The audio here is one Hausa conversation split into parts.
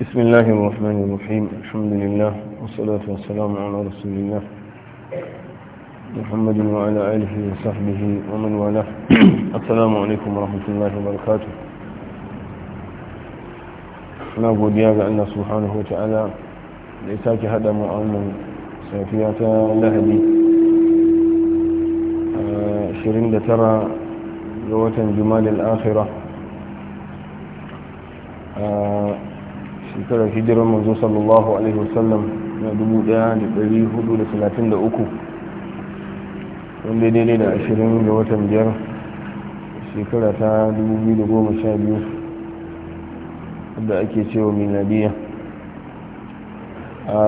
بسم الله الرحمن الرحيم الحمد لله والصلاة والسلام على رسول الله محمد وعلى آله وصحبه ومن والاه السلام عليكم ورحمة الله وبركاته na godiya ga Allah subhanahu wa ta'ala da ya sake hada mu a wannan safiya ta shekarar hijirar manzo sallallahu alaihi wasallam na 1433 wanda daidai da ashirin ga watan biyar shekara ta 2012 wadda ake cewa a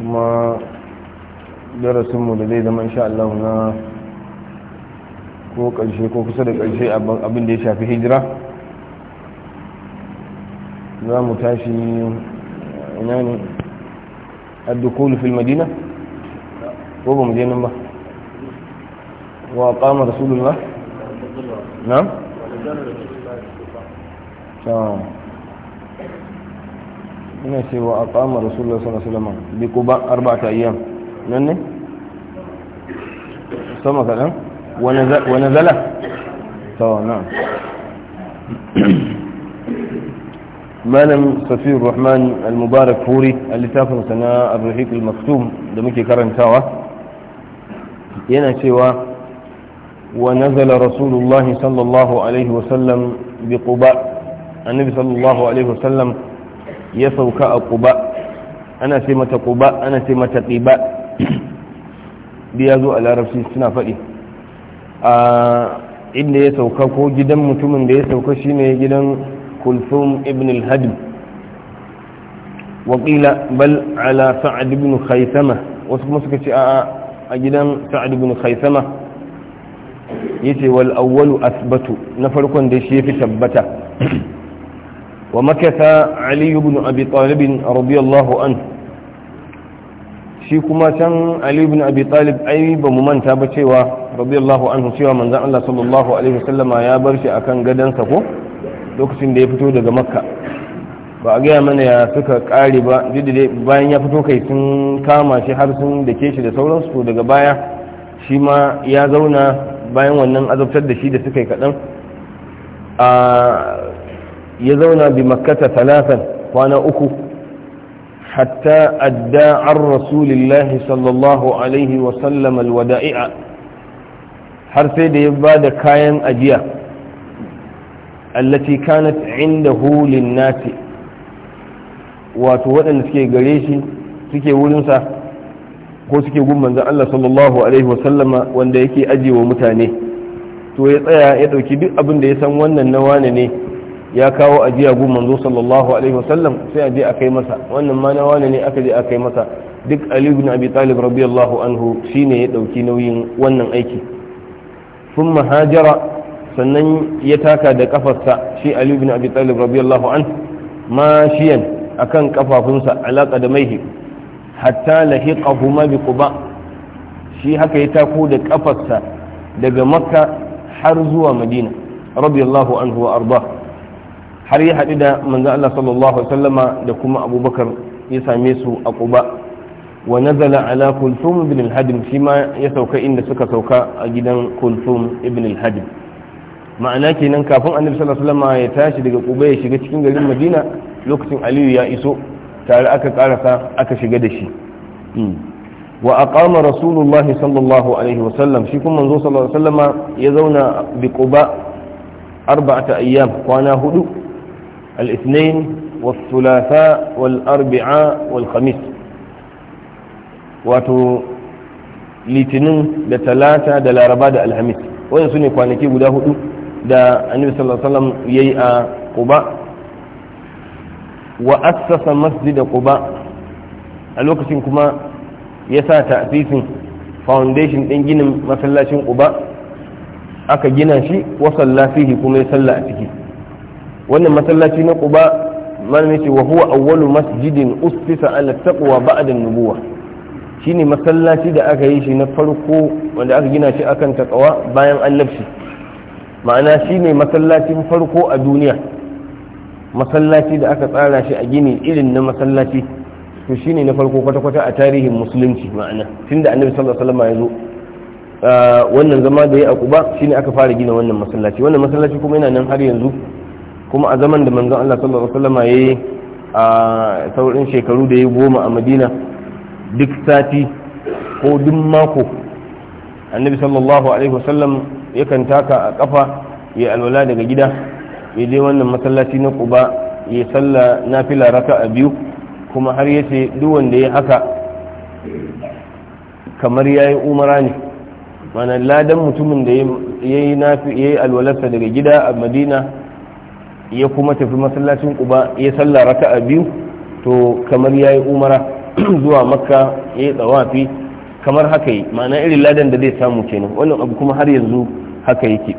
kuma darasinmu da zai zama insha Allah na ko karshe ko kusa da ƙarshe abin da ya shafi hijira za mu يعني الدخول في المدينة وهو مدينة ما وقام رسول الله نعم نعم سوى أقام رسول الله صلى الله عليه وسلم بقباء أربعة أيام نن سمك نعم ونزل ونزل نعم malam safiyar rahman al-mubarak furi a littafin sana abruhik al-maktum da muke karantawa yana cewa wa nazala rasulullahi sallallahu alaihi wasallam bi quba annabi sallallahu alaihi wasallam ya sauka a quba ana ce mata quba ana ce mata qiba biya ya zo a larabci suna faɗi a inda ya sauka ko gidan mutumin da ya sauka shine gidan كلثوم ابن الهدم وقيل بل على سعد بن خيثمة وسكت أجدا سعد بن خيثمة يتي والأول أثبت نفرق دشي في ثبتة ومكث علي بن أبي طالب رضي الله عنه shi kuma can Ali ibn Abi Talib ai ba mu manta ba cewa radiyallahu anhu cewa manzon Allah sallallahu alaihi wasallama ya barshi a kan gadansa ko lokacin da ya fito daga makka ba a gaya mana ya suka kare ba bayan ya fito kai sun kama shi har sun dake shi da sauransu to daga baya shi ma ya zauna bayan wannan azabtar da shi da suka yi kaɗan a ya zauna bi makkata talatan kwana uku hatta adda an rasulillahi sallallahu alaihi wasallam alwada'i'a har sai da ya ba da kayan ajiya allati kanat indahu linnati wato waɗanda suke gare shi suke wurinsa ko suke gun manzon Allah sallallahu alaihi wa sallama wanda yake ajiyewa mutane to ya tsaya ya ɗauki duk abin da ya san wannan na wane ne ya kawo ajiya gun manzo sallallahu alaihi wasallam sai aje a kai masa wannan ma na wane ne aka je a kai masa duk ali ibn abi talib radiyallahu anhu shine ya dauki nauyin wannan aiki thumma hajara sannan ya taka da kafarsa shi ali bin abi talib radiyallahu an mashiyan akan kafafunsa alaka da maihi hatta lahiqahuma bi quba shi haka ya tako da kafarsa daga makka har zuwa madina radiyallahu anhu wa arda har ya haɗu da manzo Allah sallallahu alaihi wasallama da kuma abubakar ya same su a quba wa nazala ala kulthum ibn al-hadim shi ma ya sauka inda suka sauka a gidan kulthum ibn al-hadim ma'ana kenan kafin annabi sallallahu alaihi wasallam ya tashi daga kuba ya shiga cikin garin madina lokacin aliyu ya iso tare aka karasa aka shiga da shi hmm. wa aqama rasulullahi sallallahu alaihi wasallam shi kuma manzo sallallahu alaihi wasallam ya zauna bi quba arba'ata ayyam kwana hudu al-ithnain والثلاثاء wal والخميس wato litinin da talata da laraba da alhamis wayan su ne kwanaki guda hudu da annabi sallallahu alaihi wasallam yayi a quba wa assasa masjid quba a lokacin kuma ya sa ta'sisin foundation din ginin masallacin quba aka gina shi wa sallafihi kuma ya salla a ciki wannan masallaci na quba malamin ce wa huwa awwalu masjidin ustisa ala taqwa ba'da an-nubuwah shine masallaci da aka yi shi na farko wanda aka gina shi akan taqwa bayan annabi ma'ana shine ne masallacin farko a duniya masallaci da aka tsara shi a gini irin na masallaci to shine na farko kwata-kwata a tarihin musulunci ma'ana tun da annabi sallallahu alaihi wasallam ya zo wannan zama da ya akuba shi ne aka fara gina wannan masallaci wannan masallaci kuma yana nan har yanzu kuma a zaman da manzon Allah sallallahu alaihi wasallam ya yi a saurin shekaru da ya goma a madina duk sati ko duk mako annabi sallallahu alaihi wasallam yakan taka a kafa ya alwala daga gida ya je wannan masallaci na kuba ya salla nafila raka a biyu kuma har ya ce duk wanda ya haka kamar ya yi umara ne mana ladan mutumin da ya yi alwalarsa daga gida a madina ya kuma tafi masallacin kuba ya salla raka a biyu to kamar ya yi umara zuwa makka ya yi tsawafi kamar haka yi ma'ana irin ladan da zai samu kenan wannan abu kuma har yanzu haka yake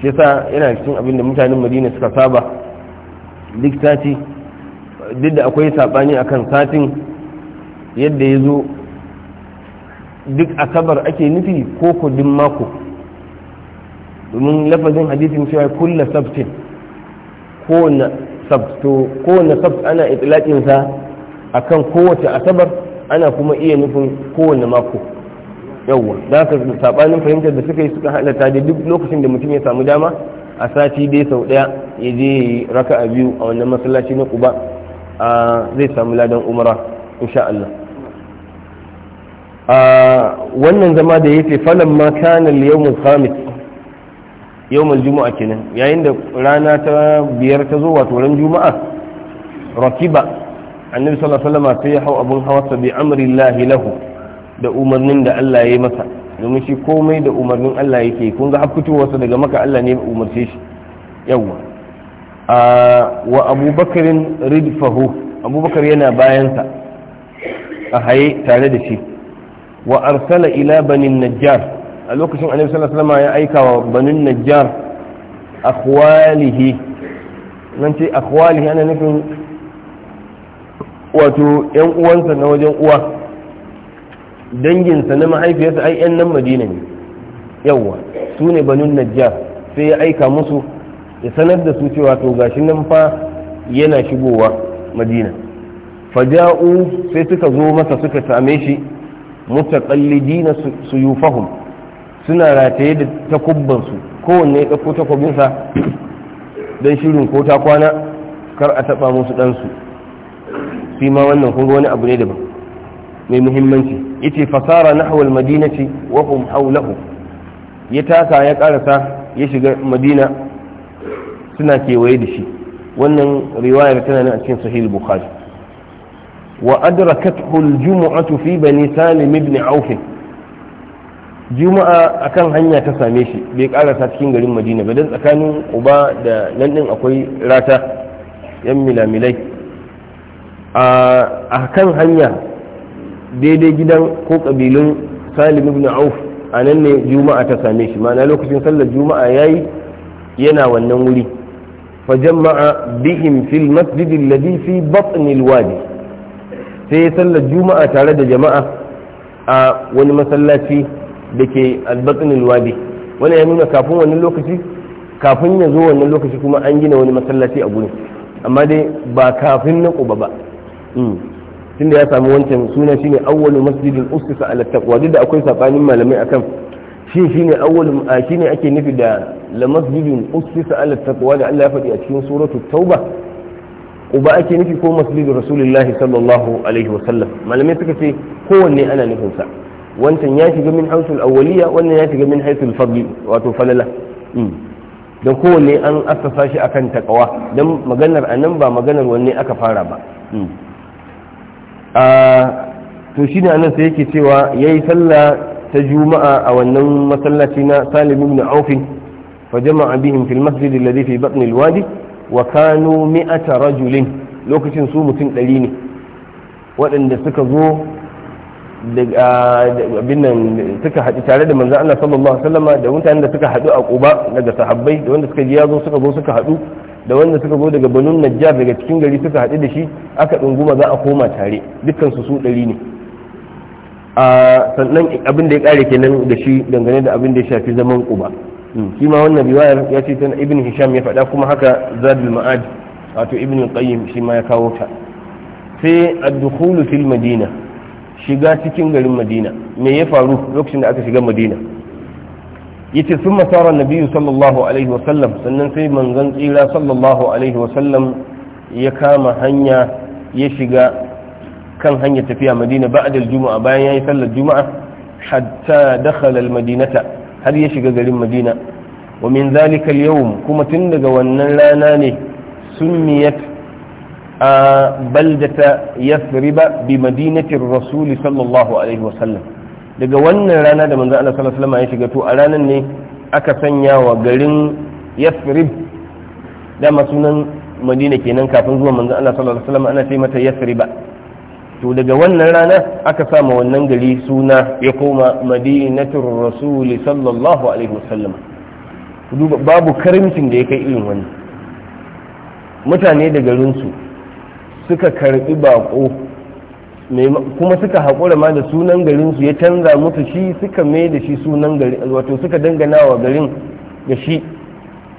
shi yasa yana cikin abin da mutanen madina suka saba duk sati duk da akwai sabani akan satin yadda ya zo duk asabar ake nufi ko kudin mako domin lafazin hadisin cewa kulla sabtin kowane sabto kowane sabt ana itlaƙinsa akan kowace asabar ana kuma iya nufin kowane mako yawwa za ka sabanin fahimtar da suka yi suka halatta da duk lokacin da mutum ya samu dama a sati dai sau daya ya je raka a biyu a wannan masallaci na kuba zai samu ladan umara insha Allah wannan zama da yace falan ma kana al khamis yawm al kenan yayin da rana ta biyar ta zo wato ran juma'a rakiba annabi sallallahu alaihi wasallam sai ya hau abun hawa bi amrillahi lahu da umarnin da Allah ya yi masa domin shi komai da umarnin Allah yake kun ga fitowarsa daga maka Allah ne umarce shi yawwa wa abubakarin ridfahu abubakar yana bayansa a haye tare da shi wa arsala ila banin najjar a lokacin annabi sallallahu alaihi ya aika wa banin najjar akhwalihi nan ce akhwalihi ana nufin wato yan uwansa na wajen uwa danginsa na mahaifiyarsa ai yan nan madina ne yawwa su ne najjar sai ya aika musu ya sanar da su cewa to gashi nan fa yana shigowa madina faja'u sai suka zo masa suka same shi yi suyufahum suna rataye da takubban su kowanne ya dauko takubinsa dan shirin ko ta kwana kar a taba musu dan su shi ma wannan kun ga wani abu ne daban mai muhimmanci yace fasara nahwal madinati wa hum hawlahu ya taka ya karasa ya shiga madina suna kewaye da shi wannan riwayar tana nan a cikin sahih bukhari wa adrakathu aljum'atu fi bani salim ibn auf juma'a akan hanya ta same shi bai karasa cikin garin madina ba dan tsakanin uba da nan din akwai rata yan milamilai a kan hanya daidai gidan ko kabilun salim ibn auf a nan ne juma'a ta same shi ma'ana lokacin sallar juma'a yayi yana wannan wuri jama'a bihim fil masjid alladhi fi batn alwadi sai sallar juma'a tare da jama'a a wani masallaci da ke alwadi wani ya nuna kafin wannan lokaci kafin ya zo wannan lokaci kuma an gina wani masallaci a gurin amma dai ba kafin na ƙuba ba hmm. tunda ya samu wancan suna shine awwalu masjidin ussisa ala taqwa duk da akwai sabanin malamai akan shi shine awwalu shine ake nufi da la masjidin ussisa ala taqwa da Allah ya faɗi a cikin suratu tauba uba ake nufi ko masjidu rasulullahi sallallahu alaihi wasallam malamai suka ce kowanne ana nufin sa wancan ya shiga min hausul awwaliya wannan ya shiga min haisul fadli wato falala hmm. dan kowanne an assasa shi akan takawa dan maganar anan ba maganar wanne aka fara ba hmm. to shi shine nan sai yake cewa ya yi sallah ta juma'a a wannan masallaci na Salim ibn Auf fa jama'a bihim fil masjid alladhi fi batn al wadi wa kanu mi'ata rajulin lokacin su mutum ɗari ne waɗanda suka zo abinnan suka haɗu tare da manzan Allah sallallahu Alaihi wasallama da mutanen da suka haɗu a ƙuba daga sahabbai da wanda suka ji ya zo suka zo suka haɗu da wanda suka zo daga banun najjar daga cikin gari suka haɗu da shi aka ɗunguma za a koma tare dukkansu su ɗari ne a sannan abin da ya ƙare kenan da shi dangane da abin da ya shafi zaman ƙuba hmm, shi ma wannan riwayar ya ce ta ibn hisham ya faɗa kuma haka zadul ma'ad wato ibn qayyim shi ma ya kawo ta sai ad-dukhulu fil madina shiga cikin garin madina me ya faru lokacin da aka shiga madina yace sun masara nabiyu sallallahu alaihi wasallam sannan sai manzon tsira sallallahu alaihi wasallam ya kama hanya ya shiga kan hanyar tafiya madina ba'da juma'a bayan yayi sallar juma'a hatta dakhala al-madinata har ya shiga garin madina wa min zalika al kuma tun daga wannan rana ne summiyat a baldata yasriba bi madinati rasuli rasul sallallahu alaihi wasallam daga wannan rana da manzo Allah sallallahu alaihi wasallam ya shiga to a ranan ne aka sanya wa garin Yathrib dama sunan Madina kenan kafin zuwa manzo Allah sallallahu alaihi wasallam ana ce mata Yathriba to daga wannan rana aka sama wannan gari suna ya koma Madinatul Rasul sallallahu alaihi wasallam babu karimcin da ya kai irin wannan mutane da garinsu suka karbi bako kuma suka haƙura ma da sunan garin su ya canza musu shi suka mai da shi sunan garin wato suka dangana wa garin da shi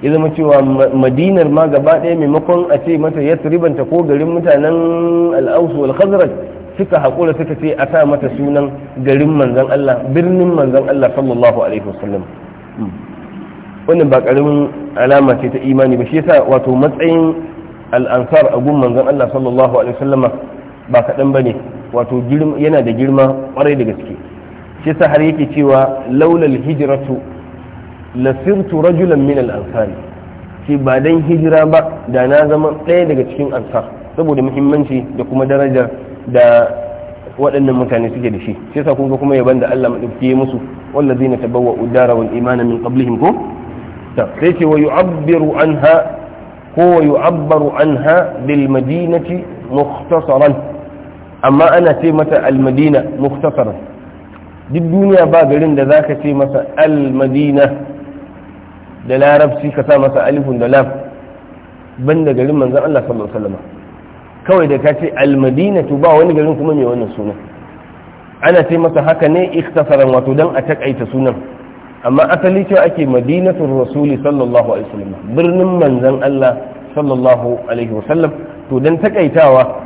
ya zama cewa madinar ma gaba ɗaya maimakon a ce mata ribanta ko garin mutanen al'ausu wal khazraj suka haƙura suka ce a sa mata sunan garin manzan Allah birnin manzan Allah sallallahu alaihi wasallam wannan ba ƙarin alama ce ta imani ba shi yasa wato matsayin al'ansar a gun manzan Allah sallallahu alaihi wasallama ba kaɗan ba ne wato yana da girma kwarai da gaske shi sa har yake cewa laulal hijratu lasirtu rajulan min al ansari shi ba dan hijira ba da na zama ɗaya daga cikin ansar saboda muhimmanci da kuma darajar da waɗannan mutane suke da shi shi yasa kun ga kuma yaban da Allah madauki musu na tabawwa'u dara wal imana min qablihim ko sai ce wa yu'abbiru anha ko wa yu'abbaru anha bil madinati mukhtasaran amma ana ce mata almadina muktasar duk duniya ba garin da za ka ce masa almadina da larabci ka sa masa alifun da lam ban da garin manzan Allah sallallahu alaihi wasallam kawai da ka ce almadina to ba wani garin kuma mai wannan sunan ana ce masa haka ne ikhtasaran wato dan a takaita sunan amma asali cewa ake madinatul rasuli sallallahu alaihi wasallam birnin manzan Allah sallallahu alaihi wasallam to dan takaitawa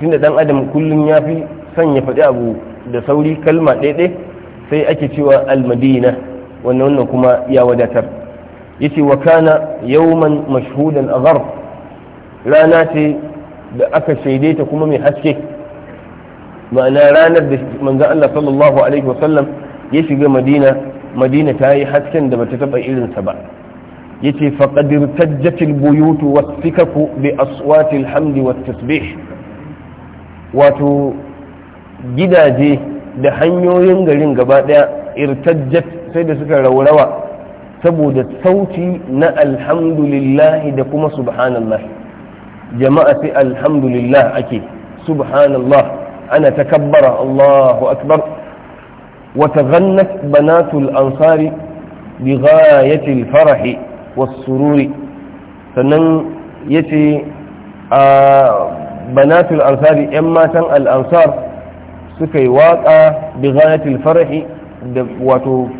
tunda dan adam kullum ya fi son ya faɗi abu da sauri kalma ɗaiɗai sai ake cewa almadina wannan wannan kuma ya wadatar ce wa kana yawman mashhudan aghar rana ce da aka shaidaita kuma mai haske ma'ana ranar da manzon Allah sallallahu alaihi wasallam ya shiga madina madina ta yi hasken da bata taba irinsa ba yace faqad irtajjatil buyutu wasu bi aswati hamdi wat-tasbih wato gidaje da hanyoyin garin gaba daya irtajjat sai da suka raurawa saboda sauti na alhamdulillah da kuma subhanallah jama'a sai alhamdulillah ake subhanallah ana takabbara Allahu akbar وتغنت بنات farahi بغاية الفرح sannan فنن يتي a. banatul ansari yan matan al'ansar suka yi waƙa bi ghanatul farahi da wato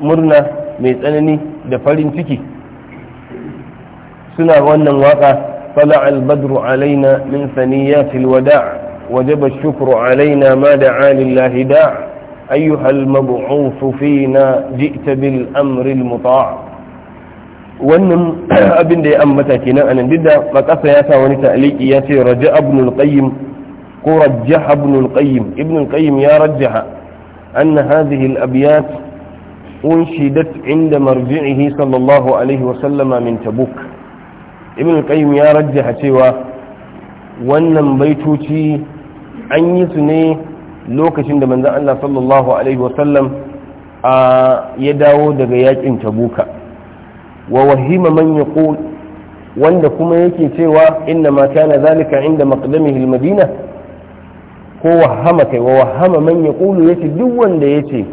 murna mai tsanani da farin ciki suna wannan waƙa طلع البدر علينا من ثنيات الوداع وجب الشكر علينا ما دعا لله داع أيها المبعوث فينا جئت بالأمر المطاع wannan abin da ya ambata kenan anan duk da makasa ya sa wani ta'aliki ya ce raja ibn al-qayyim ko rajjaha ibn al-qayyim ibn al-qayyim ya rajjaha anna hadhihi al-abyat unshidat inda marji'ihi sallallahu alaihi wa sallama min tabuk ibn al-qayyim ya rajjaha cewa wannan baitoci an yi su ne lokacin da manzon Allah sallallahu alaihi wa sallam ya dawo daga yakin tabuka wa wahima man yaqul wanda kuma yake cewa inna ma kana zalika inda maqdamihi almadina ko wahama kai wa wahama man yaqulu yace duk wanda yace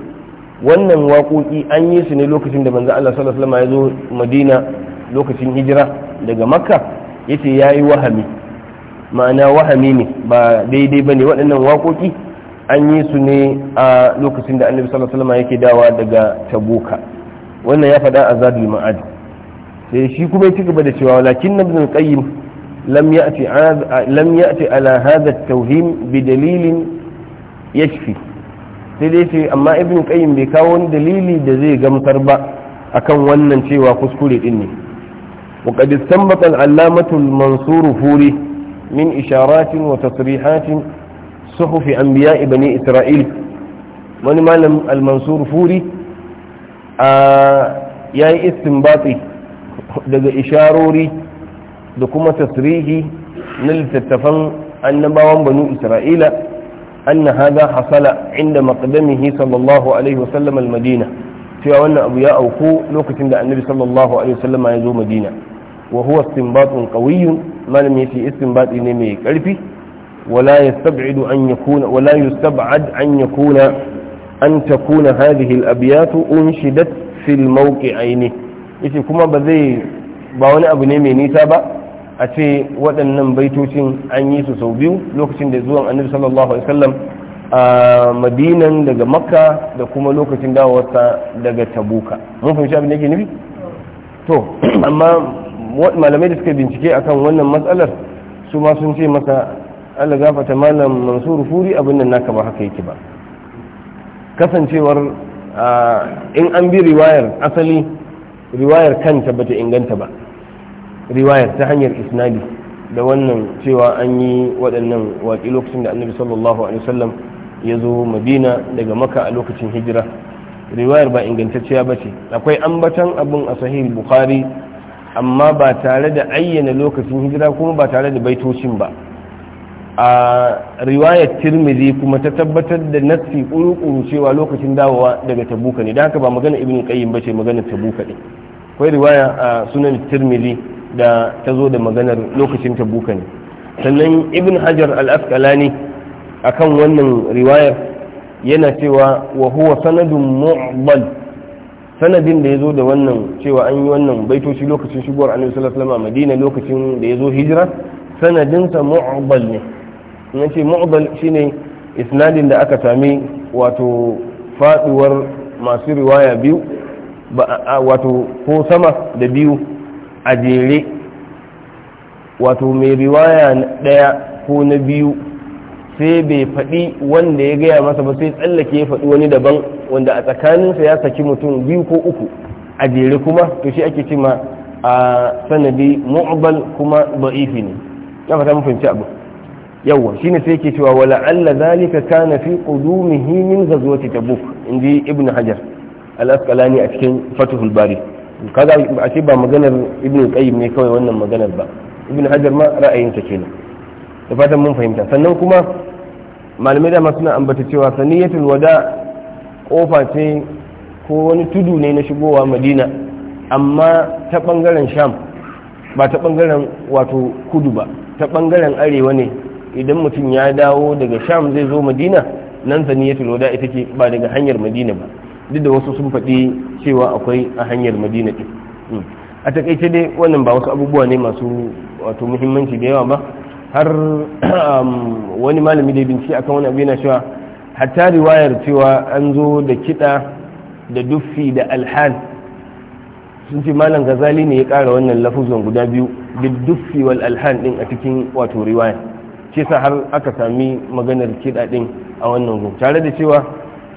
wannan waƙoƙi an yi su ne lokacin da manzo Allah sallallahu alaihi wasallam ya zo Madina lokacin hijira daga Makka yace yayi wahami ma'ana wahami ne ba daidai bane waɗannan waƙoƙi an yi su ne a lokacin da Annabi sallallahu alaihi wasallam yake dawa daga Tabuka wannan ya faɗa a Zadul Ma'ad sai eh, shi kuma ya ci gaba da cewa lakin na al-qayyim lam ya'ti lam ya'ti ala hadha at bi dalilin yashfi sai dai ce amma ibn qayyim bai kawo wani dalili da zai gamsar ba akan wannan cewa kuskure din ne wa qad istanbata al-allamatu al-mansur furi min isharatin wa tasrihatin suhuf anbiya bani isra'il wani malam al furi a yayi istinbati daga isharori da kuma tasrihi na littattafan annabawan banu isra'ila anna hada hasala inda maqdamihi sallallahu alaihi wasallam al-madina cewa wannan abu ya auku lokacin da annabi sallallahu alaihi wasallam ya zo madina wa huwa istinbatun qawiyyun malam yace istinbati ne mai karfi wala yastab'id an yakuna wala yustab'ad an yakuna an takuna hadhihi al-abyat unshidat fi al-mawqi'aini yace kuma ba zai ba wani abu ne mai nisa ba a ce waɗannan baitocin an yi su sau biyu lokacin da zuwan annabi sallallahu alaihi wasallam a madinan daga makka da kuma lokacin dawowarsa daga tabuka mun fahimci abin da yake nufi to amma malamai da suka bincike akan wannan matsalar su ma sun ce masa allah gafata malam mansur furi abin nan naka ba haka yake ba kasancewar in an bi riwayar asali riwayar kanta bata inganta ba riwayar ta hanyar isnadi da wannan cewa an yi waɗannan waƙi lokacin da annabi sallallahu alaihi wasallam ya zo madina daga maka a lokacin hijira riwayar ba ingantacciya ba ce akwai ambatan abin a sahih bukhari amma ba tare da ayyana lokacin hijira kuma ba tare da baitocin ba a riwayar tirmidhi kuma ta tabbatar da nassi kuru cewa lokacin dawowa daga tabuka ne da haka ba magana ibn qayyim ba ce magana tabuka ne akwai riwaya a sunan tirmidhi da ta zo da maganar lokacin tabuka ne sannan ibn hajar al-asqalani akan wannan riwayar yana cewa wa huwa sanadun mu'dal sanadin da yazo da wannan cewa an yi wannan baitoci lokacin shigowar annabi sallallahu alaihi madina lokacin da yazo hijira sanadin sa ne yace ce mu'dal shine isnadin da aka sami wato faduwar masu riwaya biyu wato ko sama da biyu a jere wato mai riwaya ɗaya ko na biyu sai bai faɗi wanda ya gaya masa ba sai tsallake ya faɗi wani daban wanda a tsakaninsa ya saki mutum biyu ko uku a jere kuma to shi ake cima a sanadi mu'abal kuma baifi ne na fata mun fahimci abu shi shine sai ke cewa wala'alla zalika kana fi qudumihi min ta tabuk inji ibn hajar al a cikin fatuhul bari kaga a ce ba maganar ibn qayyim ne kawai wannan maganar ba ibn hajar ma ra'ayinsa kenan da fatan mun fahimta sannan kuma malamai dama suna ambata cewa saniyatul wada kofa ce ko wani tudu ne na shigowa madina amma ta bangaren sham ba ta bangaren wato kudu ba ta bangaren arewa ne idan mutum ya dawo daga sham zai zo madina nan saniyatul wada ita ce ba daga hanyar madina ba duk da wasu sun faɗi cewa akwai a hanyar madina ɗin hmm. a takaice dai wannan ba wasu abubuwa ne masu wato muhimmanci da yawa ba har um, wani malami da binci akan wani abu yana cewa hatta riwayar cewa an zo da kiɗa da duffi da alhan sun ce malam gazali ne ya ƙara wannan lafuzon guda biyu da duffi wal alhan ɗin a cikin wato riwaya ce sa har aka sami maganar kiɗa ɗin a wannan gun tare da cewa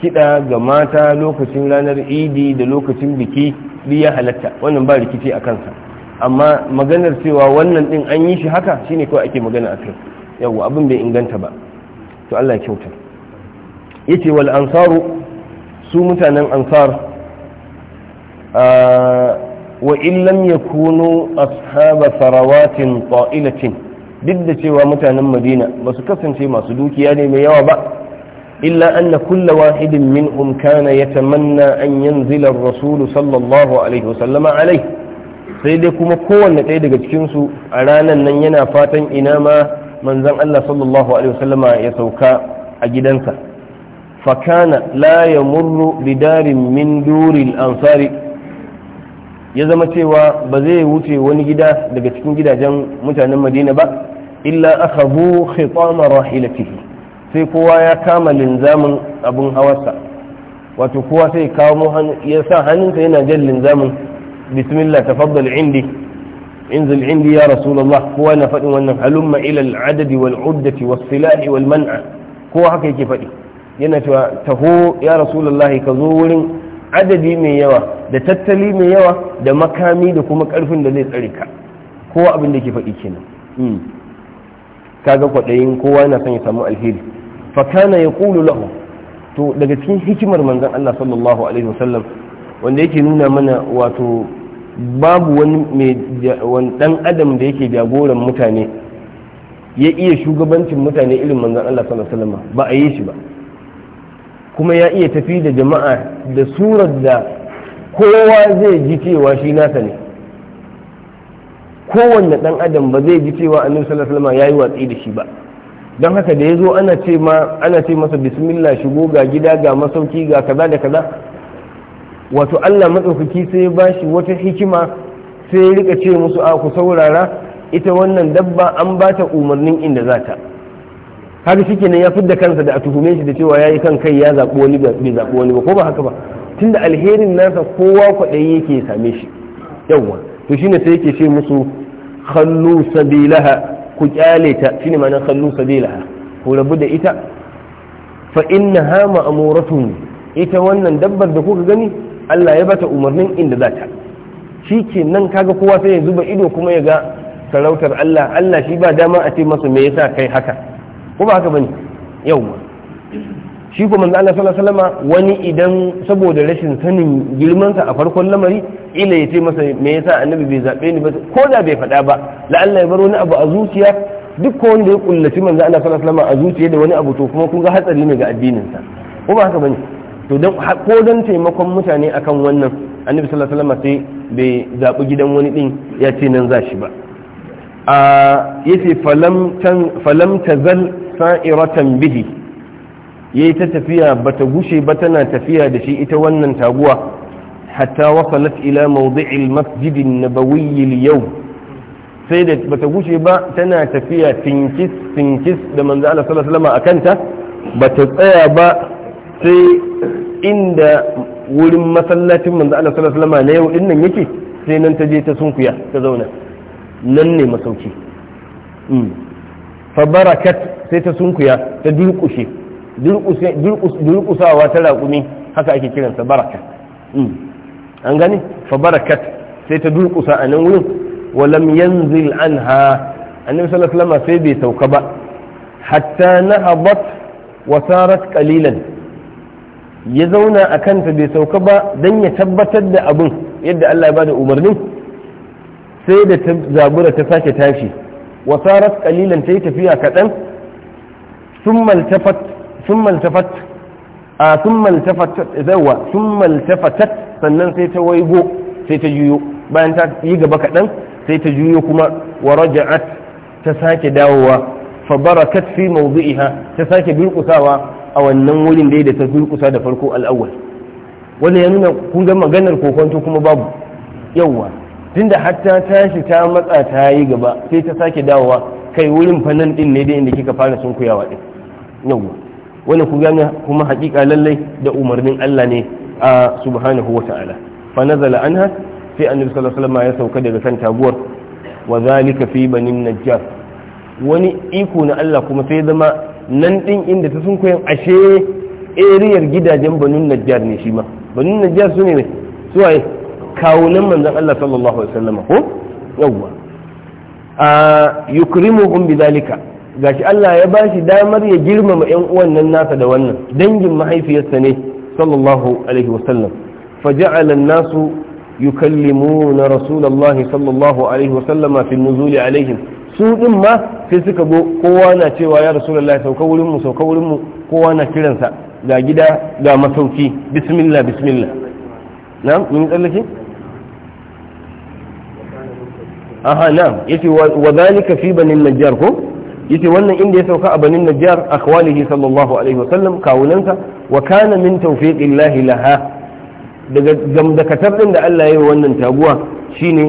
kiɗa ga mata lokacin ranar idi da lokacin biki biya halatta wannan ba rikici a kansa amma maganar cewa wannan din an yi shi haka shine kawai ake magana a kai yawa abin bai inganta ba to Allah ya kyauta yace wal ansaru su mutanen ansar wa in lam yakunu ashaba tharawatin ta'ilatin duk da cewa mutanen madina ba su kasance masu dukiya ne mai yawa ba إلا أن كل واحد منهم كان يتمنى أن ينزل الرسول صلى الله عليه وسلم عليه sai dai kuma kowanne ɗaya daga cikinsu a ranar nan yana fatan ina ma manzan Allah sallallahu alaihi wasallama ya sauka a gidansa fakana la ya murru bidarin min duril ansari ya zama cewa ba zai wuce wani gida daga cikin gidajen mutanen madina ba illa akhabu khitama rahilatihi sai kowa ya kama linzamin abin hawarsa wato kowa sai kawo ya sa hannunsa yana jan linzamin bismillah tafaddal indi انزل عندي يا رسول الله هو انا فدي wannan halumma ila al-adad wal-uddah was silahi wal-man'a kowa haka yake faɗi? yana cewa taho ya rasulullah ka zo wurin adadi mai yawa da tattali mai yawa da makami da kuma karfin da zai tsare ka kowa abin da ke faɗi kenan hmm. kaga kwadayin kowa yana son ya samu alheri fa kana yaqulu lahu to daga cikin hikimar manzon Allah sallallahu alaihi wasallam wanda yake nuna mana wato babu wani mai dan adam da yake jagoran mutane ya iya shugabancin mutane irin manzon Allah sallallahu alaihi wasallam ba a yi shi ba kuma ya iya tafi da jama'a da surar da kowa zai ji cewa shi nasa ne kowanne dan adam ba zai ji cewa annabi sallallahu alaihi wasallam yayi watsi da shi ba don haka da ya zo ana ce masa bismillah shigo ga gida ga masauki ga kaza da kaza wato Allah matsaukaki sai ya shi wata hikima sai ya rika ce musu a ku saurara ita wannan dabba an ba ta umarnin inda za ta har shi kenan ya fidda kansa da a tuhume shi da cewa ya yi kan kai ya zaɓi wani bai zaɓi wani ba ko ba haka ba tunda alherin nasa kowa kwaɗayi yake same shi yawwa to shine sai yake ce musu hannu sabilaha ku kyale ta shine ma'anar khallu sabila ku rabu da ita fa ha ne. ita wannan dabbar da kuka gani Allah ya bata umarnin inda za ta Shi ke nan kaga kowa sai ya zuba ido kuma ya ga sarautar Allah Allah shi ba dama a ce masa me yasa kai haka ko ba haka bane yau shi kuma manzo Allah sallallahu alaihi wasallam wani idan saboda rashin sanin girman sa a farkon lamari ila yace masa me yasa annabi bai zabe ni ba ko da bai fada ba la Allah ya bar wani abu a zuciya duk ko wanda ya kullaci manzo Allah sallallahu alaihi wasallam a zuciya da wani abu to kuma kun ga hatsari ne ga addinin sa ko ba haka bane to dan ko dan taimakon mutane akan wannan annabi sallallahu alaihi wasallam sai bai zabi gidan wani din ya ce nan za shi ba a yace falam tan falam tazal sa'iratan bihi yayi ta tafiya ba ta gushe ba tana tafiya da shi ita wannan taguwa hatta wasalat ila mawdi'il masjid an-nabawi al-yawm sai da ta gushe ba tana tafiya tinkis tinkis da manzo Allah sallallahu alaihi kanta ba ta tsaya ba sai inda wurin masallacin manzo Allah sallallahu alaihi na yau dinnan yake sai nan ta je ta sunkuya ta zauna nan ne masauki hmm. fa barakat sai ta sunkuya ta durƙushe durƙusawa ta raƙumi haka ake kiransa baraka mm. an gani fa barakat sai ta durƙusa a nan wurin walam yanzil anha annabi sallallahu alaihi sai bai sauka ba hatta nahabat wa sarat qalilan ya zauna a kanta bai sauka ba dan ya tabbatar da abin yadda Allah ya bada umarni. sai da zabura ta sake tashi wa sarat qalilan tayi tafiya kadan ثم التفت ثم التفت sannan sai ta waigo sai ta juyo bayan ta yi gaba kaɗan sai ta juyo kuma wa raja'at ta sake dawowa fa barakat fi mawdi'iha ta sake durƙusawa a wannan wurin da ta durƙusa da farko al'awwal wannan ya nuna kun ga maganar kokonto kuma babu yawwa tunda hatta tashi ta matsa ta yi gaba sai ta sake dawowa kai wurin fanan din ne da inda kika fara sunkuyawa din yawwa wannan ku gane kuma hakika lallai da umarnin Allah ne a subhanahu wa ta'ala fa nazala anha sai annabi sallallahu alaihi wasallam ya sauka daga kan taguwar wa zalika fi banin najjar wani iko na Allah kuma sai zama nan din inda ta sun koyan ashe eriyar gidajen banin najjar ne shi ma banin najjar su ne su waye kawunan manzon Allah sallallahu alaihi wasallam ko yawwa a yukrimuhum zalika. gashi Allah ya bashi damar ya girmama yan uwannan nasa da wannan dangin mahaifiyarsa ne sallallahu alaihi wasallam faja'ala an-nasu na rasulullahi sallallahu alaihi wasallama fi nuzuli alaihim su din ma sai suka go kowa na cewa ya rasulullahi sauka wurin mu sauka wurin mu kowa na kiransa ga gida ga masauki bismillah bismillah na'am mun tsallake aha na'am yace wa zalika fi banin najjar ko yace wannan inda ya sauka a banin najjar akhwalihi sallallahu alaihi wasallam kawunansa wa kana min tawfiqillahi laha daga gamdakatar din da Allah ya yi wannan taguwa shine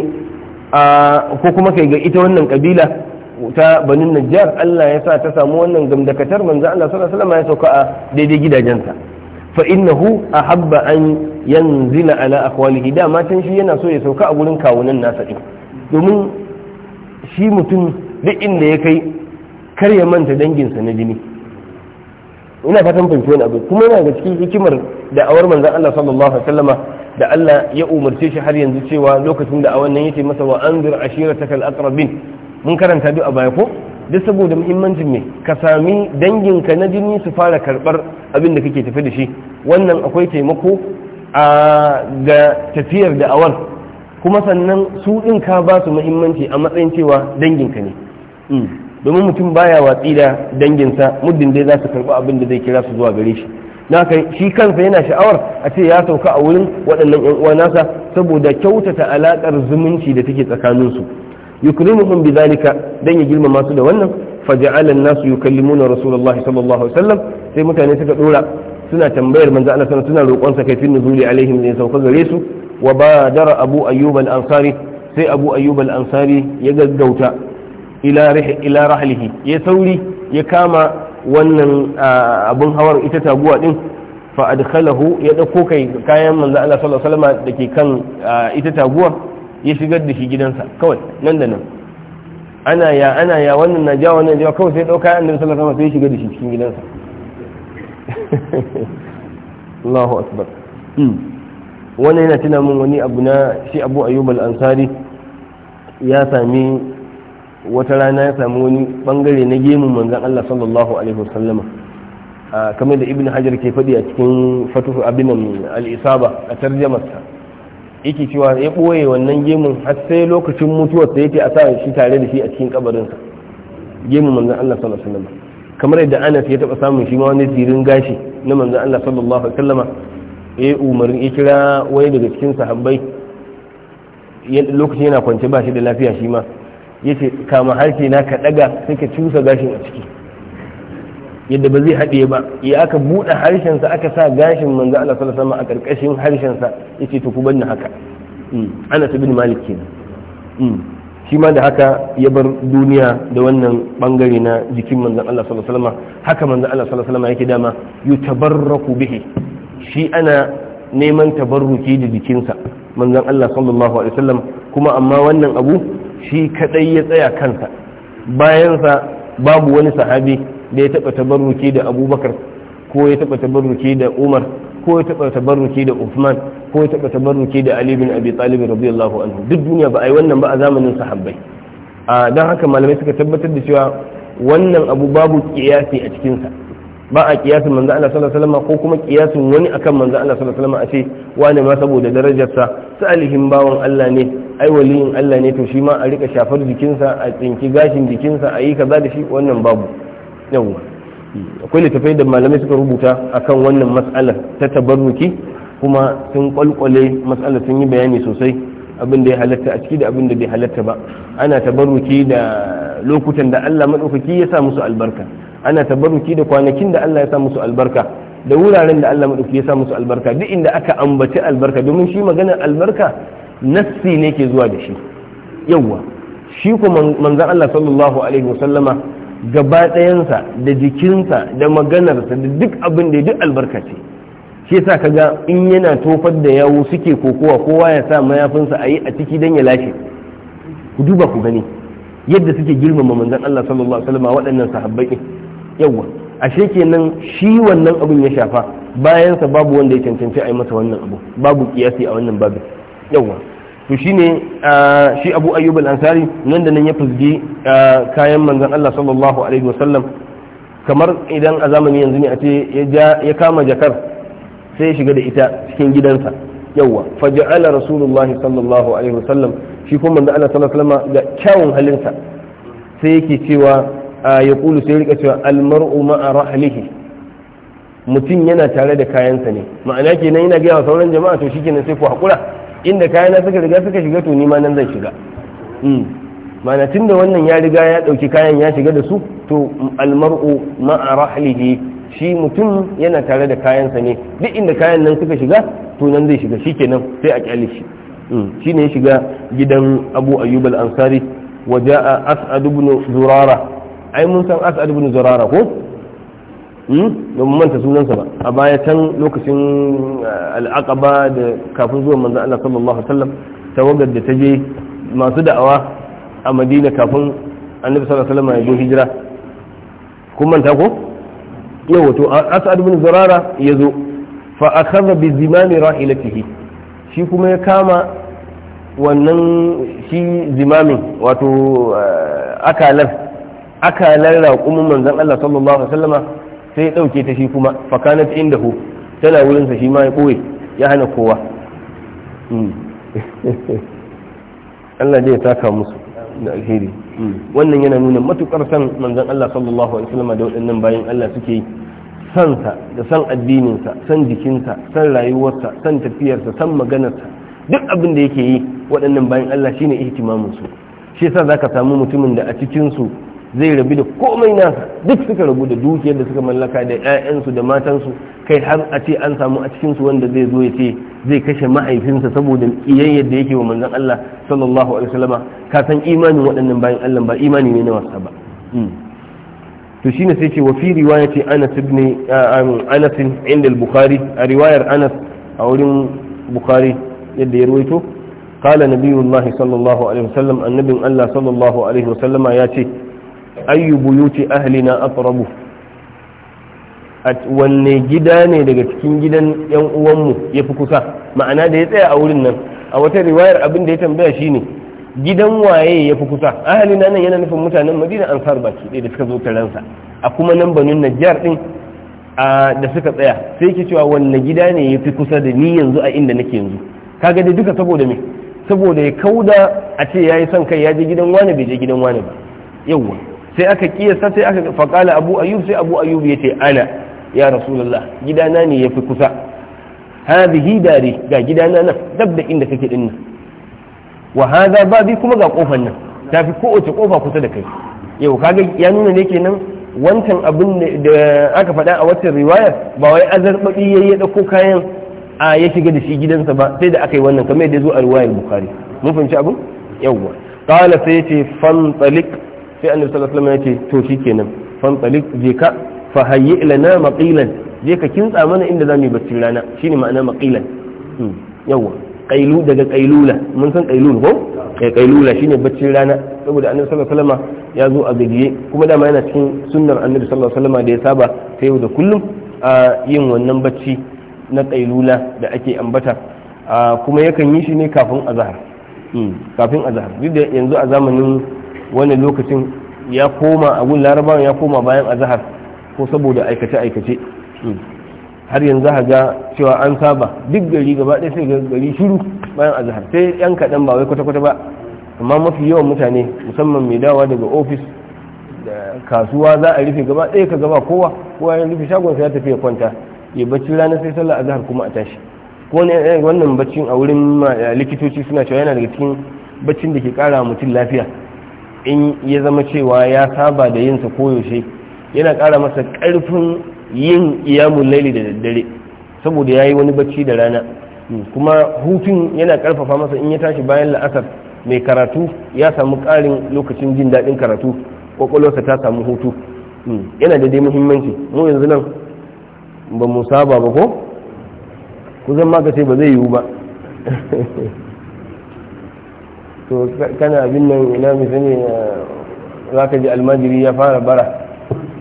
ko kuma kai ga ita wannan kabila ta banin najjar Allah ya sa ta samu wannan gamdakatar manzo Allah sallallahu alaihi wasallam ya sauka a daidai gidajensa fa innahu ahabba an yanzila ala akhwalihi da matan shi yana so ya sauka a gurin kawunan nasa din domin shi mutum duk inda ya kai kar ya manta danginsa na jini ina fatan fahimci wani abu kuma yana ga cikin hikimar da awar manzon Allah sallallahu alaihi wasallama da Allah ya umarce shi har yanzu cewa lokacin da awannan nan yace masa wa anzir ashiratakal aqrabin mun karanta duk a baya ko duk saboda muhimmancin me ka sami danginka na jini su fara karbar abin da kake tafi da shi wannan akwai taimako a ga tafiyar da awar kuma sannan su din ka ba su muhimmanci a matsayin cewa danginka ne hmm. domin mutum baya watsi da danginsa muddin dai za su karɓi abin da zai kira su zuwa gare shi na kai shi kansa yana sha'awar a ce ya sauka a wurin waɗannan yan uwa nasa saboda kyautata alaƙar zumunci da take tsakaninsu yukrimuhum bidhalika dan ya girmama su da wannan faja'ala an-nasu yukallimuna rasulullahi sallallahu alaihi wasallam sai mutane suka dora suna tambayar manzo Allah sallallahu suna roƙon sa kaifin nuzuli alaihim ne sauka gare su wa badara abu ayyub al-ansari sai abu ayyub al-ansari ya gaggauta ila rahlihi ya sauri ya kama wannan abin hawar ita taguwa din fa adkhalahu ya dauko kai kayan manzo Allah sallallahu alaihi wasallam dake kan ita taguwa ya shigar da shi gidansa kawai nan da nan ana ya ana ya wannan na ja wannan ja kawai sai dauka annabi sallallahu alaihi wasallam sai ya shigar da shi cikin gidansa Allahu akbar hmm. wannan yana tuna min wani abu na shi Abu Ayyub al-Ansari ya sami wata rana ya samu wani bangare na gemun manzan Allah sallallahu alaihi wasallama kamar da ibn hajar ke faɗi a cikin fatuhu abinan al'isaba a tarjamarsa yake cewa ya ɓoye wannan gemun har sai lokacin mutuwar sa yake a sa shi tare da shi a cikin kabarinsa gemun manzan Allah sallallahu alaihi wasallama kamar yadda anas ya taɓa samun shi ma wani zirin gashi na manzan Allah sallallahu alaihi wasallama ya ya kira wani daga cikin sahabbai lokacin yana kwance ba shi da lafiya shi ma ya ce kama harshe na ka daga sai ka cusa gashin a ciki yadda ba zai haɗe ba ya aka buɗe harshensa aka sa gashin manzo Allah sallallahu alaihi wasallam a karkashin harshensa yace to ku banni haka hmm. ana bin malik kenan hmm. shi ma da haka ya bar duniya da wannan bangare na jikin manzo Allah sallallahu alaihi wasallam haka manzo Allah sallallahu alaihi wasallam yake dama yutabarraku bihi shi ana neman tabarruki da jikinsa manzon Allah sallallahu alaihi wasallam kuma amma wannan abu shi kadai ya tsaya kansa bayansa babu wani sahabi da ya taɓa tabarruki da abubakar ko ya taɓa tabarruki da umar ko ya taɓa tabarruki da Uthman ko ya taɓa tabarruki da Ali bin Abi Talib radiyallahu anhu duk duniya ba a yi wannan ba a zamanin sahabbai a dan haka malamai suka tabbatar da cewa wannan abu babu kiyasi a cikin sa ba a kiyasin manzo Allah sallallahu alaihi wasallam ko kuma kiyasin wani akan manzo Allah sallallahu alaihi wasallam a ce wani ma saboda darajarsa salihin bawan Allah ne ai waliyin Allah ne to shi ma a rika shafar jikinsa a tsinki gashin jikinsa a yi kaza da shi wannan babu yawwa akwai littafai da malamai suka rubuta akan wannan mas'alar ta tabarruki kuma sun kwalkwale mas'alar sun yi bayani sosai abin da ya halatta a ciki da abin da bai halatta ba ana tabarruki da lokutan da Allah madaukaki ya sa musu albarka ana tabarruki da kwanakin da Allah ya sa musu albarka da wuraren da Allah madauki ya sa musu albarka duk inda aka ambaci albarka domin shi maganar albarka nassi ne ke zuwa da shi yawwa shi ko manzon Allah sallallahu alaihi wasallama gaba ɗayansa da jikinsa da maganarsa da duk abin da duk albarka ce shi yasa kaga in yana tofar da yawo suke kokowa kowa ya sa mayafinsa a yi a ciki dan ya lashe ku duba ku gani yadda suke girmama manzon Allah sallallahu alaihi wasallama waɗannan sahabbai yawa ashe kenan shi wannan abin ya shafa bayansa babu wanda ya cancanci a yi masa wannan abu babu kiyasi a wannan babin yawa to shine shi abu ayyub al-ansari nan da nan ya fuzgi kayan manzon Allah sallallahu alaihi wasallam kamar idan a zamani yanzu ne a ce ya kama jakar sai ya shiga da ita cikin gidansa yawa faja'ala rasulullahi sallallahu alaihi wasallam shi kuma manzon Allah sallallahu alaihi wasallam ga kyawun halinsa sai yake cewa ya kulu sai rika cewa almar'u ma'a rahlihi mutum yana tare da kayansa ne ma'ana ke nan yana gaya wa sauran jama'a to shikenan sai ku hakura inda kayana suka riga suka shiga to ni ma nan zan shiga ma'ana tun da wannan ya riga ya ɗauki kayan ya shiga da su to almar'u ma'a rahlihi shi mutum yana tare da kayansa ne duk inda kayan nan suka shiga to nan zai shiga shikenan sai a kyale shi shine ya shiga gidan Abu Ayyub al-Ansari wa ja'a As'ad ibn Zurara ai mun san as'ad ibn zurara ko hmm? da manta sunansa ba a baya can lokacin eh, al'aqaba da kafin zuwa manzon Allah sallallahu alaihi wasallam tawagar da ta je masu da'awa a Madina kafin annabi sallallahu alaihi wasallam ya zo hijira kun manta ko yau to as'ad ibn zurara ya zo fa akhadha bi zimami rahilatihi shi kuma ya kama wannan shi zimamin wato eh, akalar aka lalra raƙumin manzon Allah sallallahu alaihi wasallam sai dauke ta shi kuma kanat indahu tana wurin sa shi ma ya koye ya hana kowa hmm. Allah zai taka musu da alheri hmm. wannan yana nuna matukar san manzon Allah sallallahu alaihi wasallam da waɗannan bayan Allah suke sa da san addinin sa san jikinsa san rayuwarsa san tafiyarsa san maganarsa duk abin da yake yi waɗannan bayan Allah shine ihtimamin su shi yasa zaka samu mutumin da a cikin su zai rabu da komai nasa duk suka rabu da dukiyar da suka mallaka da 'ya'yansu da matansu kai har a ce an samu a cikinsu wanda zai zo ya ce zai kashe ma'aifinsa saboda iyayen da yake wa manzon Allah sallallahu alaihi wasallama ka san imanin waɗannan bayan Allah ba imani ne na wasa ba hmm. to shine sai ce wa fi riwayati Anas ibn Anas inda al-Bukhari a riwayar Anas a wurin Bukhari yadda ya ruwaito قال نبي الله صلى الله عليه وسلم النبي الله صلى الله عليه وسلم ياتي ayyu buyuti ahlina aqrabu at wanne gida ne daga cikin gidan yan uwanmu fi kusa ma'ana da ya tsaya a wurin nan a wata riwayar abin da ya tambaya shine gidan waye fi kusa ahlina nan yana nufin mutanen Madina Ansar baki ɗaya da suka zo taransa a kuma nan banin Najjar din da suka tsaya sai ki cewa wanne gida ne fi kusa da ni yanzu a inda nake yanzu kaga dai duka saboda me saboda ya kauda a ce yayi son kai ya je gidan wani bai je gidan wani ba yawwa sai aka kiyasa sai aka faƙala abu ayyub sai abu ayyub ya ce ana ya rasulullah gidana ne ya fi kusa hadhihi dari ga gidana nan dab da inda kake din nan wa hadha babi kuma ga kofar nan tafi kowace kofa kusa da kai yau kaga ya nuna ne kenan wancan abin da aka faɗa a watan riwayar ba wai azarbaɗi ya yi ɗauko kayan a ya shiga da shi gidansa ba sai da aka yi wannan kamar yadda zo a riwayar bukari mun fahimci abin yawwa qala sai yace fantalik sai annabi sallallahu alaihi wasallam ya ce to shikenan fantalik je ka fa hayyi lana maqilan je ka kintsa mana inda zamu yi bacci rana shine ma'ana maqilan hmm, yawa qailu daga qailula mun san qailul ko kai eh, qailula shine baccin rana saboda annabi sallallahu alaihi wasallam ya zo a gajiye kuma dama yana cikin sunnar annabi sallallahu alaihi wasallam da ya saba ta yau da kullum a yin wannan bacci na qailula da ake ambata kuma yakan yi shi ne kafin azhar hmm, kafin azhar duk da yanzu a zamanin wannan lokacin ya koma a gun larabawan ya koma bayan azahar ko saboda aikace-aikace hmm. har yanzu ga cewa an saba duk gari gaba ɗaya sai gari shiru bayan azahar sai yan kaɗan ba wai kwata-kwata ba amma mafi yawan mutane musamman mai dawa daga ofis da kasuwa za a rufe gaba ɗaya ka gaba kowa kowa ya rufe shagonsa ya tafi ya kwanta ya bacci rana sai sallar azahar kuma a tashi ko eh, wannan baccin a wurin eh, likitoci suna cewa yana daga cikin baccin da ke kara mutum lafiya in ya zama cewa ya saba da yinsa koyaushe yana ƙara masa ƙarfin yin iyamun laili da daddare saboda ya yi wani bacci da rana hmm, kuma hutun yana ƙarfafa masa in ya tashi bayan la'asar mai karatu ya samu ƙarin lokacin jin daɗin karatu ƙwaƙwalwarsa ta samu hutu hmm, yana da dai muhimmanci mu yanzu nan ba mu saba ba ko kusan zan ba zai yiwu ba to kana abin nan ina misali eh, za ka ji almajiri ya fara bara